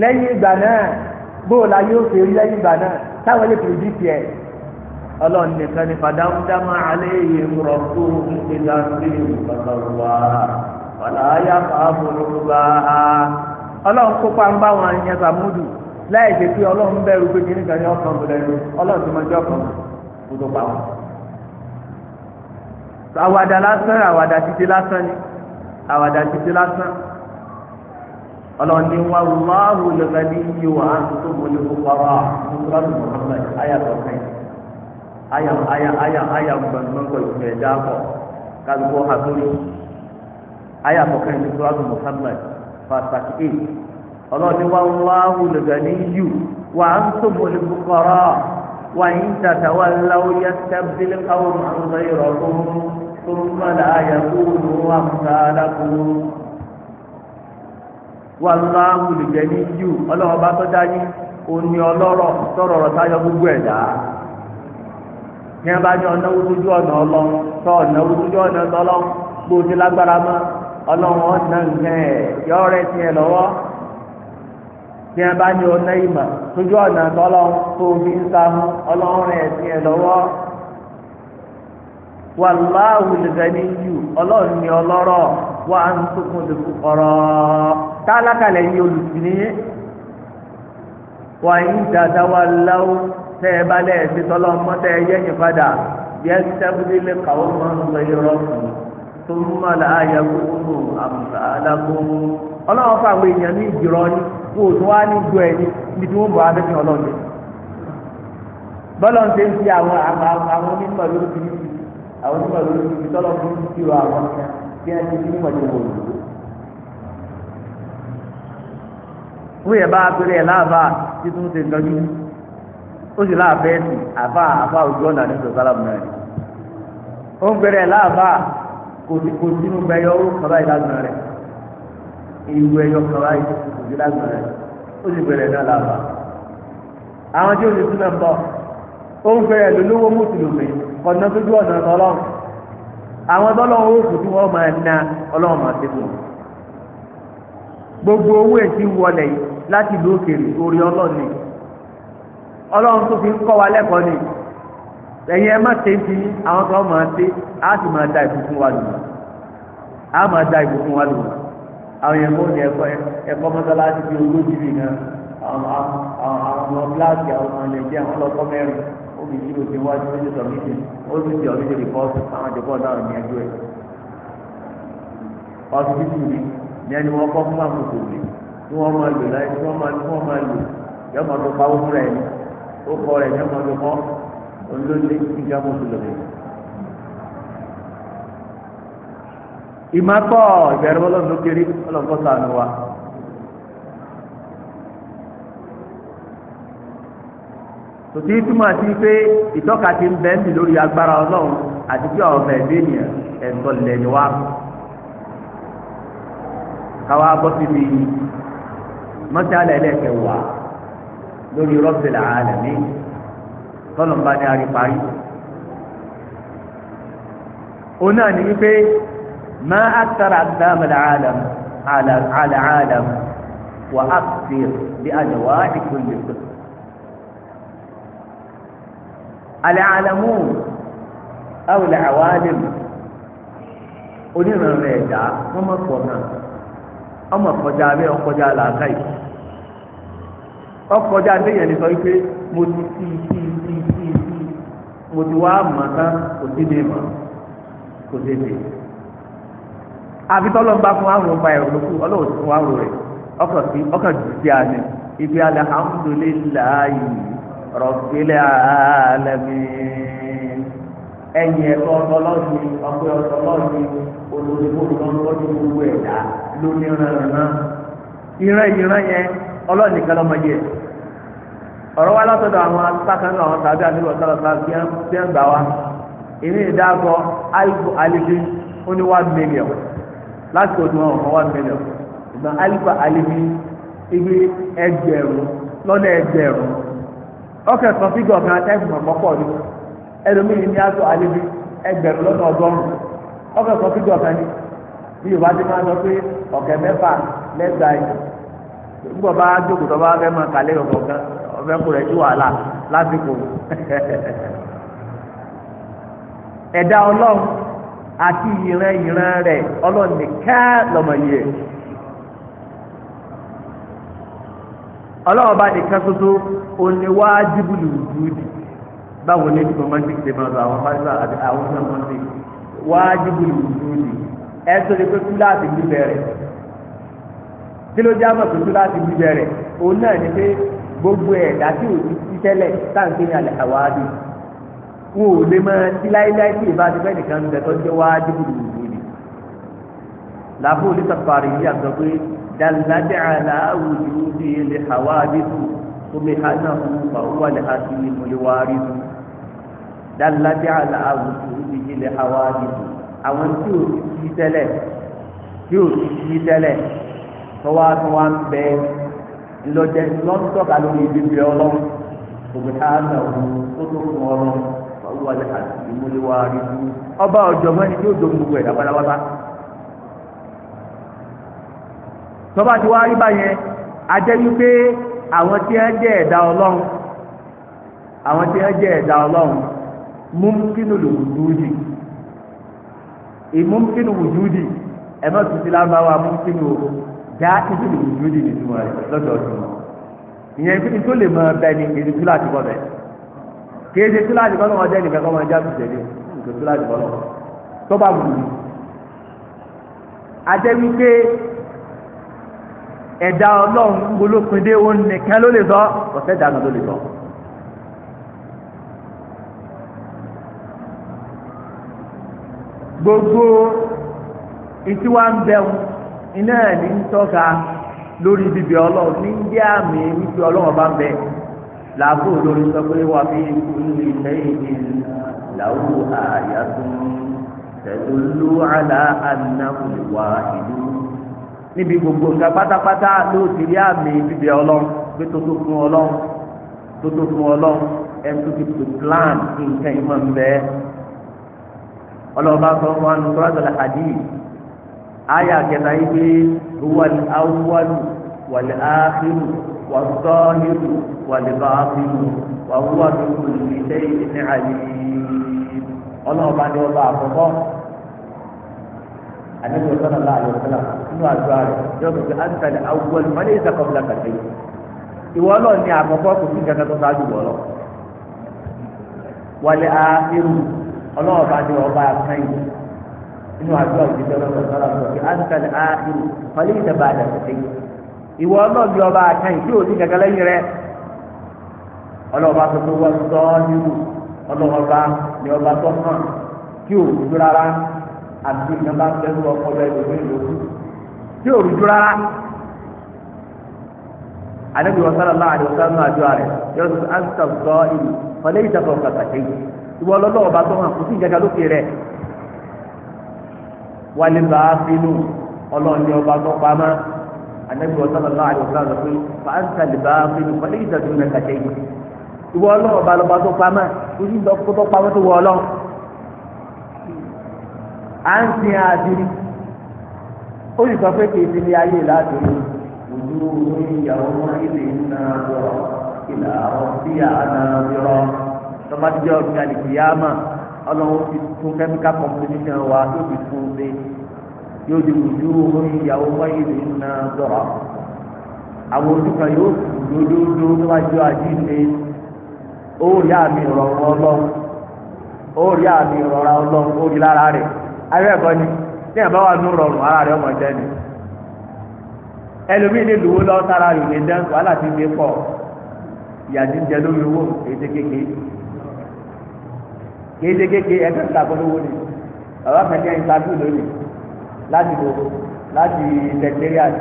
lẹ́yìn ìgbà náà bóòlà yóò fi rí lẹ́yìn ìgbà náà táwọn ọlọ́run nìkan ni fàdámúdámá alẹ́ yìí a ọlọ́run kópa ń bá wọn láì ṣe pé ọlọ́run bẹ̀rù pé ya kan ọkàn tó lẹ́nu ọlọ́run ti mọ ẹjọ́ kan kó tó pa wọn. àwàdà lásán àwàdà títí lásán ni àwàdà títí lásán ọlọ́run ní wà wúláhù lẹ́gbẹ̀ẹ́ni yìí wà á tó mọ ní gbogbo ara mùsùlùmí Muhammad ayà tó aya ayà aya ayà ní tó fàtàkì eight. ọlọ́ni wàlláhu lùgàní yù wà á ń tóbulì bukọ́rọ́ wà ń tàtà wà láwù yẹ sábìlì káwọn ọ̀sán ìrọ̀kùn tó ń mọ̀lá àyàkú lù wà ń sàlá kù. wàlláhu lùgàní yù ọlọ́wọ́ bá tó dání ọlọ́rọ̀ tọrọ ọ̀rọ̀ gbogbo ẹ bá ní ọ̀nà wúdúdú ọ̀nà tọ ọ̀nà wúdúdú ọ̀nà gbòdì lágbára ọ̀nà nǹkan ẹ̀ yọ ọ̀rẹ́ tiẹ̀ lọ́wọ́ tí a bá ní ọ̀nà ìmọ̀ tójú ọ̀nà tọ́lọ́ tó fi ń sá mú ọlọ́run rẹ̀ sí ẹ lọ́wọ́. wàláhù lẹ́gbẹ̀ẹ́niyù ọlọ́run ni ọlọ́rọ̀ wà á ń tókun lóko ọ̀rọ̀ tálákàlẹ̀ yìí olùsìnìyẹ. wà á dada wà láwù tẹ́ ẹ bá tọ́lọ́ yẹ́yìn padà mọ́ fún tòmúmọ́ làáyà kúrò àmàlágún ọlọ́run fún àwọn èèyàn ní ìjìrọ̀ ni kó o tún wá ní ju ẹni níbi tí wọ́n bọ̀ abẹ́fẹ́ ọlọ́run bọ́lá ń ṣe ń fi àwọn àwọn onímọ̀ lórí àwọn onímọ̀ lórí fún ìṣirò àwọn kí ti ní wò ẹ̀ láàbà ń ó sì láàbẹ̀ẹ́sì àbá àbá ọ̀nà ní náà ó ń láàbà kòtì kòtì nu gbẹyọ owó kaba yìí lágbọn rẹ ìwé ẹyọ kaba yìí kòtì lágbọn rẹ ó sì bẹ̀rẹ̀ náà lába àwọn tí oṣù tún náà ń bọ̀ ó ń fẹrẹ lólówó mùsùlùmí ọ̀nà tó ju ọ̀nà tọ́lọ́run àwọn tọ́lọ́run ó kù tí wọ́n máa na ọlọ́run máa ṣe fún un gbogbo owó èsì wọlé láti lókèrè orí ọlọ́ọ̀ni ọlọ́run tó fi ń kọ́ wa lẹ́kọ̀ọ́ nìyí. ẹ̀yin ẹ má ṣe ń fi àwọn kan máa ṣe á sì máa da ìbùkún wa lù á máa da ìbùkún wa lù àwọn yẹn fóònù ẹ̀kọ́ ẹ̀kọ́ mọ́sálásí bíi ogójì bíi gan àwọn ọmọ gíláàsì àwọn ọmọ nàìjíríà wọn lọ kọ́ mẹ́rin ó fi ṣírò sí wájú ní ó sì ṣe ọ̀mídì rìpọ́ọ̀tù àwọn àjọpọ̀ náà ní ẹjọ́ ẹ̀ ọsibítù ni ní ẹni wọn kọ́ fún àwọn òṣèlú tí wọ́n máa lò láì tí wọ́n máa lò ó kọ kọ́ olóde ìjábọ̀ sílẹ̀ ìmọ̀tọ́ ìbẹ̀rù ọlọ́run ló kéré ọlọ́run kọ́ sànù wa. tòtí túmọ̀ sí pé ìtọ́ka ti ń bẹ́ ń bì lórí agbára ọlọ́run àti pé ọ̀rọ̀ ẹ̀dẹ́ ènìyàn ẹ̀tọ́ lẹ́nu wa. káwa bọ́ síbi mọ́tálẹ̀ ẹlẹ́kẹ̀wá lórí rọ́bìlà àlẹ́ tọ́lọ̀ ń bá ní arí parí. òun náà ní wípé má a tara àdáàmù àlàm àlàm wà á fi bí àjọwà ìpínlẹ̀ kù. àlàálàmù àwòlẹ̀ àwàlẹ̀ onírànràn ẹ̀dá wọ́n mọ̀ pọ̀ náà ọmọ kọjá abẹ́ ọkọjá làákàyè ọkọjá adéyẹn ni sọ wípé mo ti ti ti mo ti wá mọ̀ kò sí ní mọ̀ kò sí ní. àbí tọ́lọ́ ń bá fún àrùn ọba ẹ̀rọ lókù ti fún àrùn rẹ̀ ọkàn sí ọkàn jù sí àná ibi alhamdulillahi rabbil alamin ẹ̀yìn ẹ̀kọ́ ọ̀tọ̀lọ́sìn ọ̀pẹ ọ̀tọ̀lọ́sìn olùdókòwò tó gbogbo ẹ̀dá lónìí ọ̀rọ̀ wa látọ̀dọ̀ àwọn akákanú àwọn tàbí àdúgbò ń gbà wá alifu alifi ó ní one million láti òdu wọn one million ìgbà alifu alifi ibi ẹgbẹ̀rún lọ́nà ẹgbẹ̀rún ọkẹ́ sọ fígọ̀ kan ẹgbẹ̀rún pọ̀pọ̀ ni ẹlòmíì ní aṣọ alifi ẹgbẹ̀rún lọ́nà ọgọ́rùn ọkẹ́ sọ ni bí yorùbá ti máa sọ pé ọ̀kẹ́ mẹ́fà yìí gbọ́dọ̀ bá jókòó tó ọ̀fẹ́ kò rẹ̀ ju wàhálà lásìkò ẹ̀dá ọlọ́run àti ìran ìran rẹ̀ ọlọ́run nìkan lọ́mọ yìí ẹ̀ ọlọ́run bá nìkan ṣoṣo oníwájú lùdúdì báwo ni ìdìbò máa ń dìgbè máa lọ àwọn fásitì àti àwọn fúnra máa ń dì wájú lùdúdì ẹ tó lè pé kíláàsì gbígbẹ rẹ̀ kí ló jẹ́ àmọ̀ pé kíláàsì gbígbẹ rẹ̀ òun náà ni pé gbogbo ẹ̀dá tí ò ti ti tẹ́lẹ̀ táǹkì ní alẹ́ àwáàdì wọn ò lè máa ti láéláé tí ìbá ti fẹ́ nìkan ń bẹ tó jẹ́ wáàdì gbùdùgbùdù ni. làbó ní sàfàrì yìí àgbà pé dàlàdé àlàáwùjú di ilẹ̀ àwáàdì tù omi hànà òǹfà wà lè àti ìmọ̀lẹ́wárí tù dàlàdé àlàáwùjú di ilẹ̀ àwáàdì tù àwọn tí ò ti ti tí ò ti ti tẹ́lẹ̀ tọ́wá ń bẹ́ẹ̀. ńlọjẹ lọ́ńtọ́ka lórí ìdíbi ọlọ́run òbí káàmì ọ̀hún tó tó fún ọlọ́run ọwọ́ alẹ́ àti ìmúlẹ̀wá rí bú ọba gbogbo ẹ̀dá pátápátá tọ́ba ti wá rí báyẹn ajẹ́ wípé àwọn tí jẹ́ ẹ̀dá ọlọ́run àwọn tí jẹ́ ẹ̀dá ọlọ́run ẹ̀mọ́ tuntun lábáwá òkú. dá ìdílé ìdúródì ní ìtumọ̀ rẹ̀ lọ́dọọdún ìyẹn ìpínlẹ̀ tó lè máa bẹ ní èdè tó láti bọ́ bẹ̀ kéde tó láti bọ́ lọ́wọ́ jẹ́ nìkan kọ́ máa jáde tẹ̀lé nǹkan tó láti bọ́ lọ́wọ́ tó bá wù mí. àjẹ́wí pé ẹ̀dá ọlọ́run gbolókundé òun nìkan ló lè sọ ọ̀sẹ̀ dànù ló lè sọ. gbogbo ìtiwá ń iná ẹ̀ ní ń tọ́ka lórí bíbí ọlọ́run ní ń jẹ́ àmì wípé ọlọ́run bá ń bẹ làbó lórí sọ pé wà fi ìlú ilẹ̀ èdè làwù àyà tún tẹ̀lú àlà ànáwó wà ìlú. níbi gbogbo nǹkan pátápátá ló ti rí àmì bíbí ọlọ́run pé tó tó fún ọlọ́run tó tó fún ọlọ́run ẹni tó ti tó plan nǹkan ìmọ̀ ń bẹ ọlọ́run bá sọ wọn nù sọ́dọ̀ làkàdí aya kẹta yìí pé wàlẹ awọlù wàlẹ ààfin wàtọ́hìn wàlẹ bàáfin wàwúwàlù olùdíje ní àyè ọlọ́ọ̀bá ni ọba àkọ́kọ́ àdébò sọ́nà láàyè ọ̀sẹ̀lá nínú àdúrà rẹ̀ yóò fi àǹtàlẹ̀ awọlù wọn lè sàkọ́ fúlà kàtẹ́ ìwọ náà ní àkọ́kọ́ kò sí ìjàkadọ́ sáájú wọ̀ wàlẹ ààfin ọlọ́ọ̀bá ni ọba àkànyìn inú àdúrà òjijì ọlọ́run sọ́ra sọ pé àǹtà ní ààrùn pẹ̀lú ìdẹ̀bà àdàtẹ̀tẹ̀ ìwọ ọlọ́ọ̀bí ọba àtàn ìdí òní gàgà lẹ́yìn rẹ ọlọ́ọ̀bá tó tó wọ́n sọ ọ́ nínú ọlọ́ọ̀bá ni ọba tó hàn kí ò rújú rárá àti ìjọba pẹ̀lú ọpọlọ ẹlòmíì lòkù kí ò rújú rárá. Ànábì wa sallallahu alaihi wa sallam àdúrà rẹ̀ yóò àǹtà sọ ìlú pẹ̀lú ìdẹ̀bà wálé bá a finú ọlọ́run ní ọba tó pamá anabi wa sallallahu alayhi wa sallam pé fàáńtà lè bá a finú fàlẹ́ ìdàdúró náà kàtẹ́ yìí ìwọ ọlọ́run ọba lọ́ba tó pamá ojú ìdọ́kọ́ tó pamọ́ tó wọ ọlọ́run à ń sin àdìrí ó sì sọ pé kì í sinmi ayé láti ojú ìyàwó mọ́ ilé náà lọ ìlà ọ̀síyà náà lọ tọ́mátìjọ́ ìgbàlè kìyàmá ọlọ́run ti tún kẹ́míkà kọ̀mpitíṣàn wa yóò fi fún un dé yóò di ojú orí ìyàwó wáyé lè na dọ̀rọ̀ àwọn ojú kan yóò sùn lójoojúmọ́ tó bá jọ àjíǹde ó rí àmì ìrọ̀rùn ọlọ́run ó rí àmì ìrọ̀rùn ọlọ́run ó rí lára rẹ̀ ayé ẹ̀kọ́ ni ní ẹ̀bá wa nú rọrùn ara rẹ̀ ọmọ jẹ́ ni ẹlòmíì lè lówó lọ́ọ́ sára yòókè dẹ́n wàhálà ti gbé pọ̀ ìyàtí lórí owó èdè kékeré kéékèèké ẹgbẹ́ ń takọ́lówó ni bàbá fẹ́kẹ́ ń tajú lónìí láti wo láti secretariat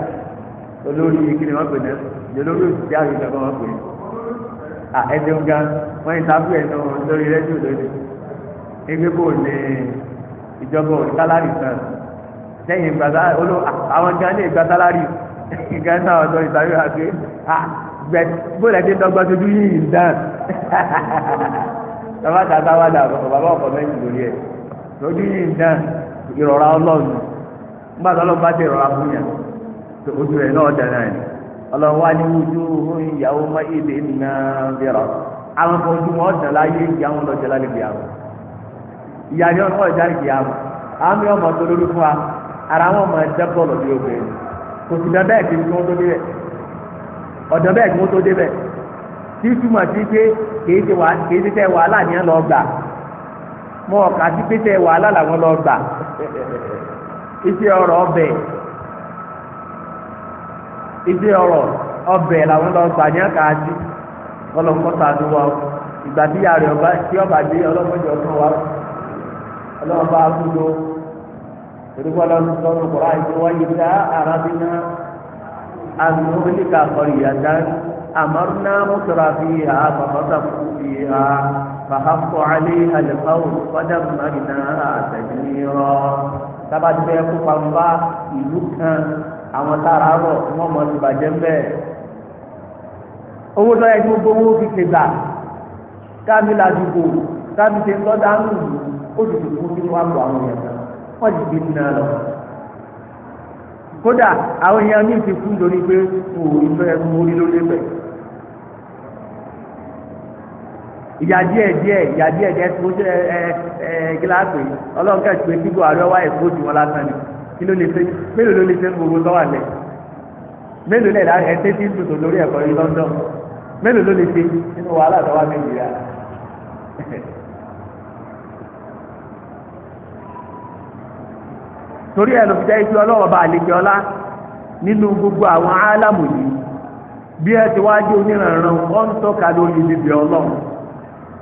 olórí kí ni wọ́n pè náà olórí òṣìṣẹ́ àwọn ìjọba wọn pè à ẹ̀dẹ̀hùn gan wọ́n ń tajú ẹ̀ náà lórí rédíò lónìí ẹgbẹ́ kò ní ìjọba òní sálárì kan lẹ́yìn ìgbàdá olú àwọn gan ní ìgbà sálárì gan náà ọ̀dọ́ ìtàwé àgbẹ̀ gbẹ bóòlù ẹ̀dẹ́ dọ́gba yìí ń dán. bàbá tàtà wà dà bàbá lórí ẹ̀ lójú yìí ọlọ́run nígbà tó ti fún ojú náà dáná ẹ̀ ọlọ́run ní ojú ìyàwó bẹ̀rọ̀ àwọn kan ojú wọn dàn láyé tí túmọ̀ sí pé kìí ṣe wà kìí ṣe tẹ wàhálà ni ẹ lọ gbà mọ ọ̀kà sí pé tẹ wàhálà làwọn lọ gbà iṣẹ́ ọrọ ọbẹ̀ iṣẹ́ ọ̀rọ̀ ọbẹ̀ làwọn lọ gbà ní ẹ̀ka sí ọlọ́mọkọ́ta ló ìgbà tí ọba tí ọba wa àbúrò àbúrò أمرنا متر فيها فقذفوا فيها فحق عليها القول فدمرناها تدميرا tábàtí bẹ́ẹ̀ kó pàmpá ìlú kan àwọn tára rọ̀ wọ́n mọ̀ ní bàjẹ́ ń bẹ́ẹ̀. owó sọ́yà tí gbogbo owó fi kẹgbà káàmì ládùúgbò káàmì ṣe ń tọ́jà ń lù ó sì fi kú sínú àpò àwọn èèyàn kan wọ́n sì fi nà lọ. kódà àwọn èèyàn ní ìfikún lórí pé òòrùn fẹ́ẹ́ mú orí lórí bẹ́ẹ̀. ìyá díẹ̀ díẹ̀ ìyá díẹ̀ díẹ̀ tó ṣe ẹ ẹ gíláàsì ọlọ́run kẹ́sì pé ẹ̀kọ́ jù wọn lásán ni kí ló lè ṣe mélòó ló lè ṣe gbogbo tọ́wà mélòó láti tí ń tuntun lórí ẹ̀kọ́ yìí London mélòó ló lè ṣe nínú wàhálà torí ẹ fi jẹ́ ọlọ́wọ́ bá àlejò ọlá nínú gbogbo àwọn álámù yìí bí ẹ ti oníranran ń tọ́ka lórí ibi ọlọ́run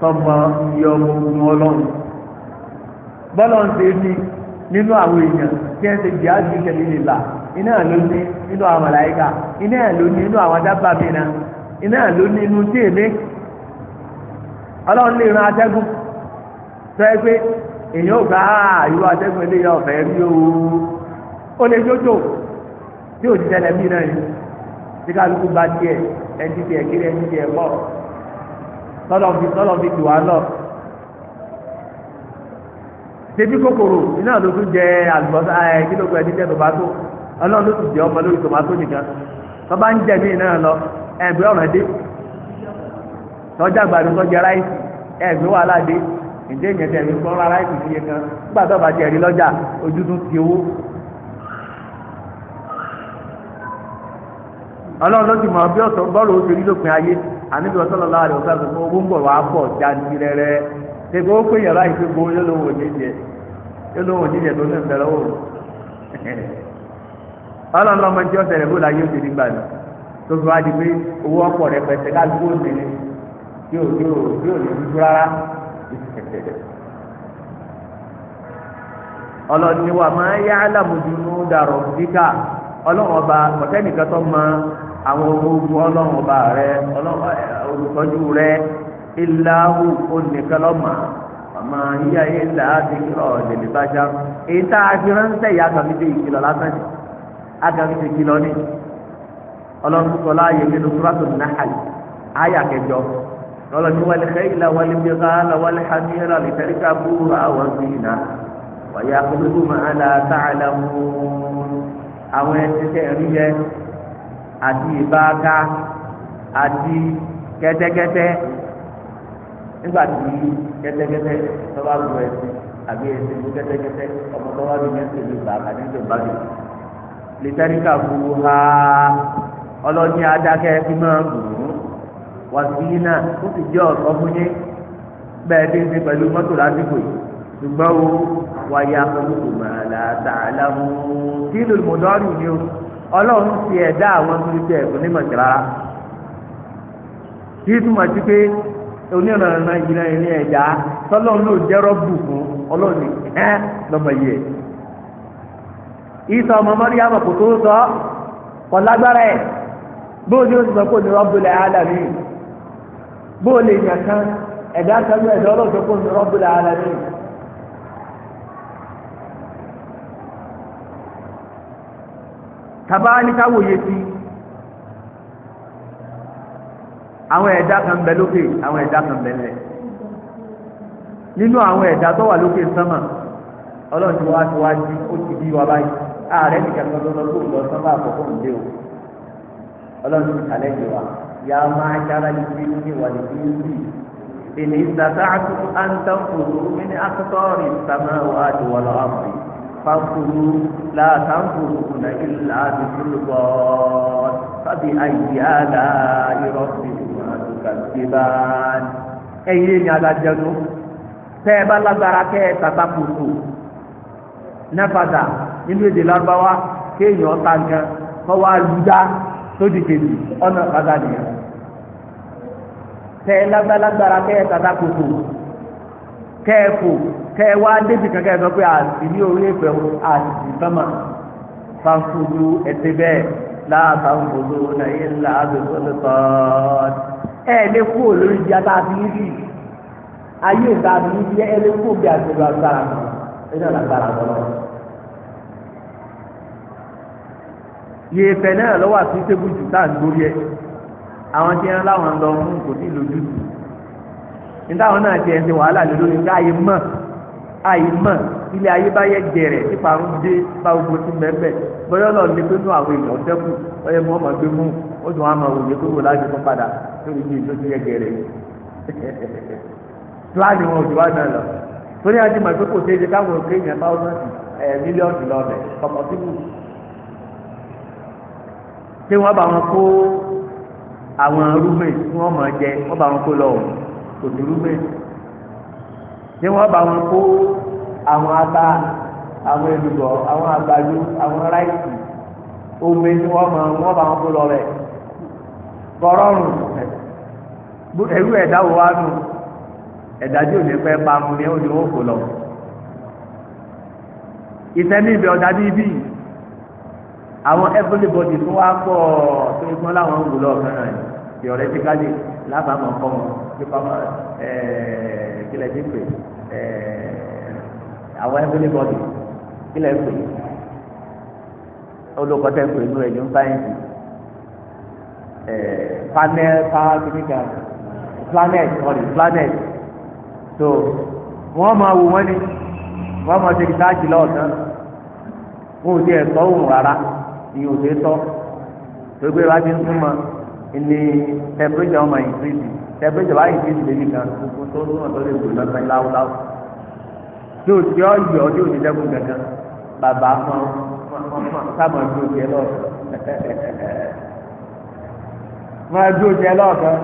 tọmọ iye ọmọ ogun ọlọ́run bọ́lọ̀ ń ṣe ní nínú àwọn èèyàn tí ẹ ṣe jìá ju ìṣẹ̀lẹ̀ lè là iná ló ní nínú àwọn màláíkà iná ló ní nínú àwọn dábàá mi náà iná ló ní inú tí èmi ọlọ́run lè ran atẹ́gùn sọ ẹ pé èèyàn ò gbà á ah, irú atẹ́gùn eléyà ọ̀fẹ́ rí o ó lè jójó tí òjijì ẹlẹ́mí náà yìí tí kálukú bá tiẹ̀ ẹni tiẹ̀ kiri ẹni tiẹ̀ pọ̀. tọ́lọ̀ fi tọ́lọ̀ fi lọ. kòkòrò iná ló tún jẹ kí ló gbẹ tòmátò ọlọ́run ló tún jẹ ọmọ lórí tòmátò nìkan tó bá ń jẹ mí lọ dé tọ́jà gbàdúrà ráìsì wàhálà dé ìyẹn tẹ̀lé fún ráìsì kan ọlọ́run lọ́sùn mọ̀ bí ọ̀sán bọ́ọ̀lù ó ṣe rí lópin ayé àníbi ọ̀sán lọ́la rẹ̀ ọ̀sán àgbẹ̀fọ́ owó ń bọ̀ wá pọ̀ jáde rẹ́rẹ́ ṣègbè ó pè yàrá ìṣègbè ó lówó òjijì ó lówó òjijì tó ní ìfẹ́rẹ́ wò ọlọ́run lọ́mọ tí ọ̀sẹ̀ rẹ̀ bó la yóò ṣe nígbà náà tó fi wá di pé owó ọ̀pọ̀ rẹ̀ pẹ̀sẹ̀ káàdúgbò òṣèlè yóò yóò yóò lè dúdú rárá ọlọ́ni wa máa yá alámùdùnú dàrọ̀ ọlọ́run ọba kọ̀tẹ́nìkan tó máa àwọn ológun ọlọ́run ọba rẹ olùtọ́jú rẹ ìlàwù oníkẹlọ́mà ọmọ yíyá ìlà àdìgbò lèmi bàjá èyí tá a fi ránṣẹ́ yìí agàmídé ìkìlọ̀ lásán ni agàmídé ìkìlọ̀ ni ọlọ́run sọ láàyè nínú túrọ́tò náhàlì àyà kẹjọ lọ́lọ́ ní wàlẹ̀ xeyìlá wàlẹ̀ bíyàgàlà wàlẹ̀ hàmìlá lìtẹ̀ríkà búra wọn sí iná wàyà kúlùkù màálà tààlà mú àwọn ẹni tẹ̀ ẹ̀rí yẹn àti ìbáka àti kẹ́tẹ́kẹ́tẹ́ nígbà tí kẹ́tẹ́kẹ́tẹ́ tó bá lu ẹsẹ̀ àbí ẹsẹ̀ lu kẹ́tẹ́kẹ́tẹ́ ọmọ tó bá lu mẹ́sẹ̀ lu bàbá nígbà bá lu lìtẹ́ríkà fúru ha ọlọ́ni adákẹ́ fi máa gùn ún wà sí iná ó sì jẹ́ ọ̀sán yín bẹ́ẹ̀ bí ṣe pẹ̀lú mọ́tò lásìkò yìí ṣùgbọ́n o wáyà kọ́lùkù màlá tààlà mú kí lùmọ̀dọ́rì ni o. ọlọ́run ti ẹ̀dá àwọn oníṣẹ́ ẹ̀kọ́ nímọ̀tì rárá yìí túmọ̀ sí pé onírànà ìran ìrìn ẹ̀dá tọ́lọ́run ló jẹ́rọ́ bù fún ọlọ́run ẹ̀ lọ́mọ yìí ẹ̀ ìsọ ọmọ mọ́ríyàmọ̀ kò tó sọ kọ́ lágbára ẹ̀ sọ pé lẹ̀ ẹ̀dá ẹ̀dá ọlọ́run sọ pé lẹ̀ tàbá ní káwòye sí àwọn ẹ̀dá kan bẹ lókè àwọn ẹ̀dá kan bẹ lẹ̀ nínú àwọn ẹ̀dá tó wà lókè sánmà ọlọ́run wá ti wá di wa báyìí ààrẹ nìkan kan tó lọ tó lọ sánmà àkọ́kọ́ ńlẹ́ o ọlọ́run ti kàlẹ́ jù wá yà máa ní bí wà ní bí فانفروا لا تنفرون إلا بسلطان فبأي آلاء ربكما تكذبان ẹ̀yin ni alájẹnu tẹ ẹ bá lágbára kẹ ẹ tata kùtù nẹfàdà nínú èdè lárúbáwá kéèyàn ta nǹkan kọ lùdá lódì ọ̀nà padà nìyẹn tẹ ẹ lágbára kẹ tata kùtù kẹ́ẹ̀fù kẹ́ẹ̀wá débi kankan ẹ̀ sọ pé àti ní orílẹ̀ èdè àti ìfẹ́mà fanfudu ẹ̀tẹ́ bẹ́ẹ̀ láàbàǹfọ̀dọ̀ nàìjíríà láàbẹ̀sọ̀lẹ̀ tọ́ọ̀t ẹ̀ náà lọ. nítawọn náà ti ẹsẹ wàhálà lé lórí pé àyè mọ̀ àyè mọ̀ ilé ayé bá yẹ gẹ̀rẹ̀ nípa ń dé bá gbogbo ti mẹ́fẹ̀ bọ́yọ́ lọ ní pé nú àwọn èèyàn dẹ́kun ọyẹ mọ́ ọmọ gbé mú ó dùn àmọ́ òye pé wò láti tún padà lórí ibi ìlú ti yẹ gẹ̀rẹ̀ pílánì wọn òjò wá náà lọ torí àti mọ̀ pé kò ṣeé ṣe káwọn òkè yẹn bá wọn ẹ̀ mílíọ̀nù lọ́ọ̀bẹ̀ ọkọ̀ síbù pé wọ́n bá wọn kó àwọn rúmẹ̀ tí wọ́n mọ̀ jẹ wọ́n bá wọn kó lọ́wọ́ kò sí rúbẹ̀ tí wọ́n bá wọn kó àwọn ata àwọn èlùbọ́ àwọn àgbàdo àwọn ráìsì omi tí wọ́n mọ wọ́n bá wọn kó lọ rẹ̀ kọ́rọ́rùn ẹ̀rú ẹ̀dá wo wá nù ẹ̀dá tí ò ní pẹ́ mu ni ó ní wọ́n kó lọ ìsẹ́ni ibi ọ̀dà bíbí àwọn everybody tó wá pọ̀ tó ń pọ́n láwọn ń wù lọ́ọ̀kan náà ìyọ̀rẹ́ ti kájí lábàámọ̀ kọ́ wọn nípa máa kílẹ̀ ti pè àwọn ẹgbẹ́lẹ́ bọ́ọ̀lù kílẹ̀ pè olùkọ́tẹ́ pè nínú ẹ̀yìn sáyẹ́ǹsì panel power technical planet sorry planet so wọ́n máa wò wọ́n ní wọ́n máa ṣe ìtaàjì lọ́ọ̀tán wọn ò tiẹ̀ tọ́ òun rárá ìyóò tọ́ gbogbo ìwádìí ń tún mọ́ ilé tẹ̀pẹ́jà ọmọ ìgbésì tẹ̀pẹ́jà bá ìgbésì lè nìkan tuntun tó tó wọn tó lè gbò lọ́sàn láwùláwù tí o ti ọyọ tí o ti dẹ́kun gàgán bàbá kan sábà ju oṣù ẹ lọ máa ju oṣù ẹ lọ́ọ̀kan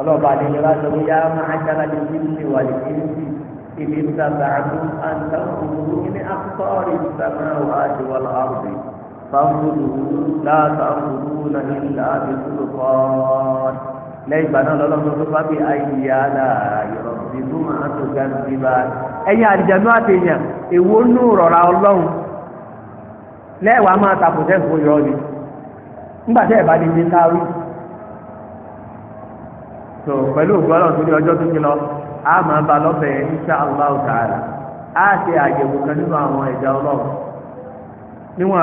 ọlọ́ọ̀bà ni ìjọba sọ pé yá máa jára lè fi ṣe wà lè fi ṣe ìdí sábà àdúrà àti àwọn òkú ní akọ́rì sábà wà á ti wọ́n lọ́ọ̀rù فانظروا لا تأخذون إلا بسلطان lẹ́yìn ìgbà náà lọ́lọ́run tó bá bí ayé àlà ìrọ̀bí tó máa tó ga níbi bá ẹ̀yìn àdìjẹ́nú àtẹ̀yàn èwo nù rọ̀ra ọlọ́run lẹ́wàá máa fún ni nígbà ní sáré tó pẹ̀lú tó ní ọjọ́ tó ti lọ a máa ba lọ́bẹ̀ a ṣe kan nínú àwọn ẹ̀dá ọlọ́run níwọ̀n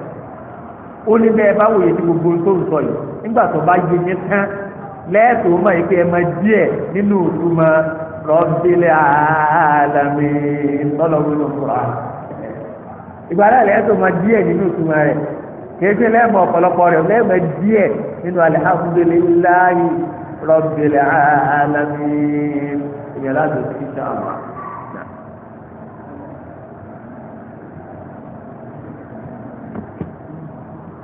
ó ní bẹ́ẹ̀ bá wòye ti gbogbo tó ń sọ yìí nígbà tó bá yé ní tán lẹ́ẹ̀tọ́ mọ̀ yìí pé ẹ mọ díẹ̀ nínú ìtumọ̀ rọ́bìlẹ̀ àlàmì tọ́lọ́gbọ́n fúra. ìgbà lẹ́ẹ̀tọ́ mọ díẹ̀ nínú ìtumọ̀ rẹ̀ kéèké lẹ́ẹ̀mọ̀ ọ̀pọ̀lọpọ̀ rẹ̀ lẹ́ẹ̀mọ̀ díẹ̀ nínú alihamudulilayi rọ́bìlẹ̀ àlàmì ìyẹn láti fi ṣàmà.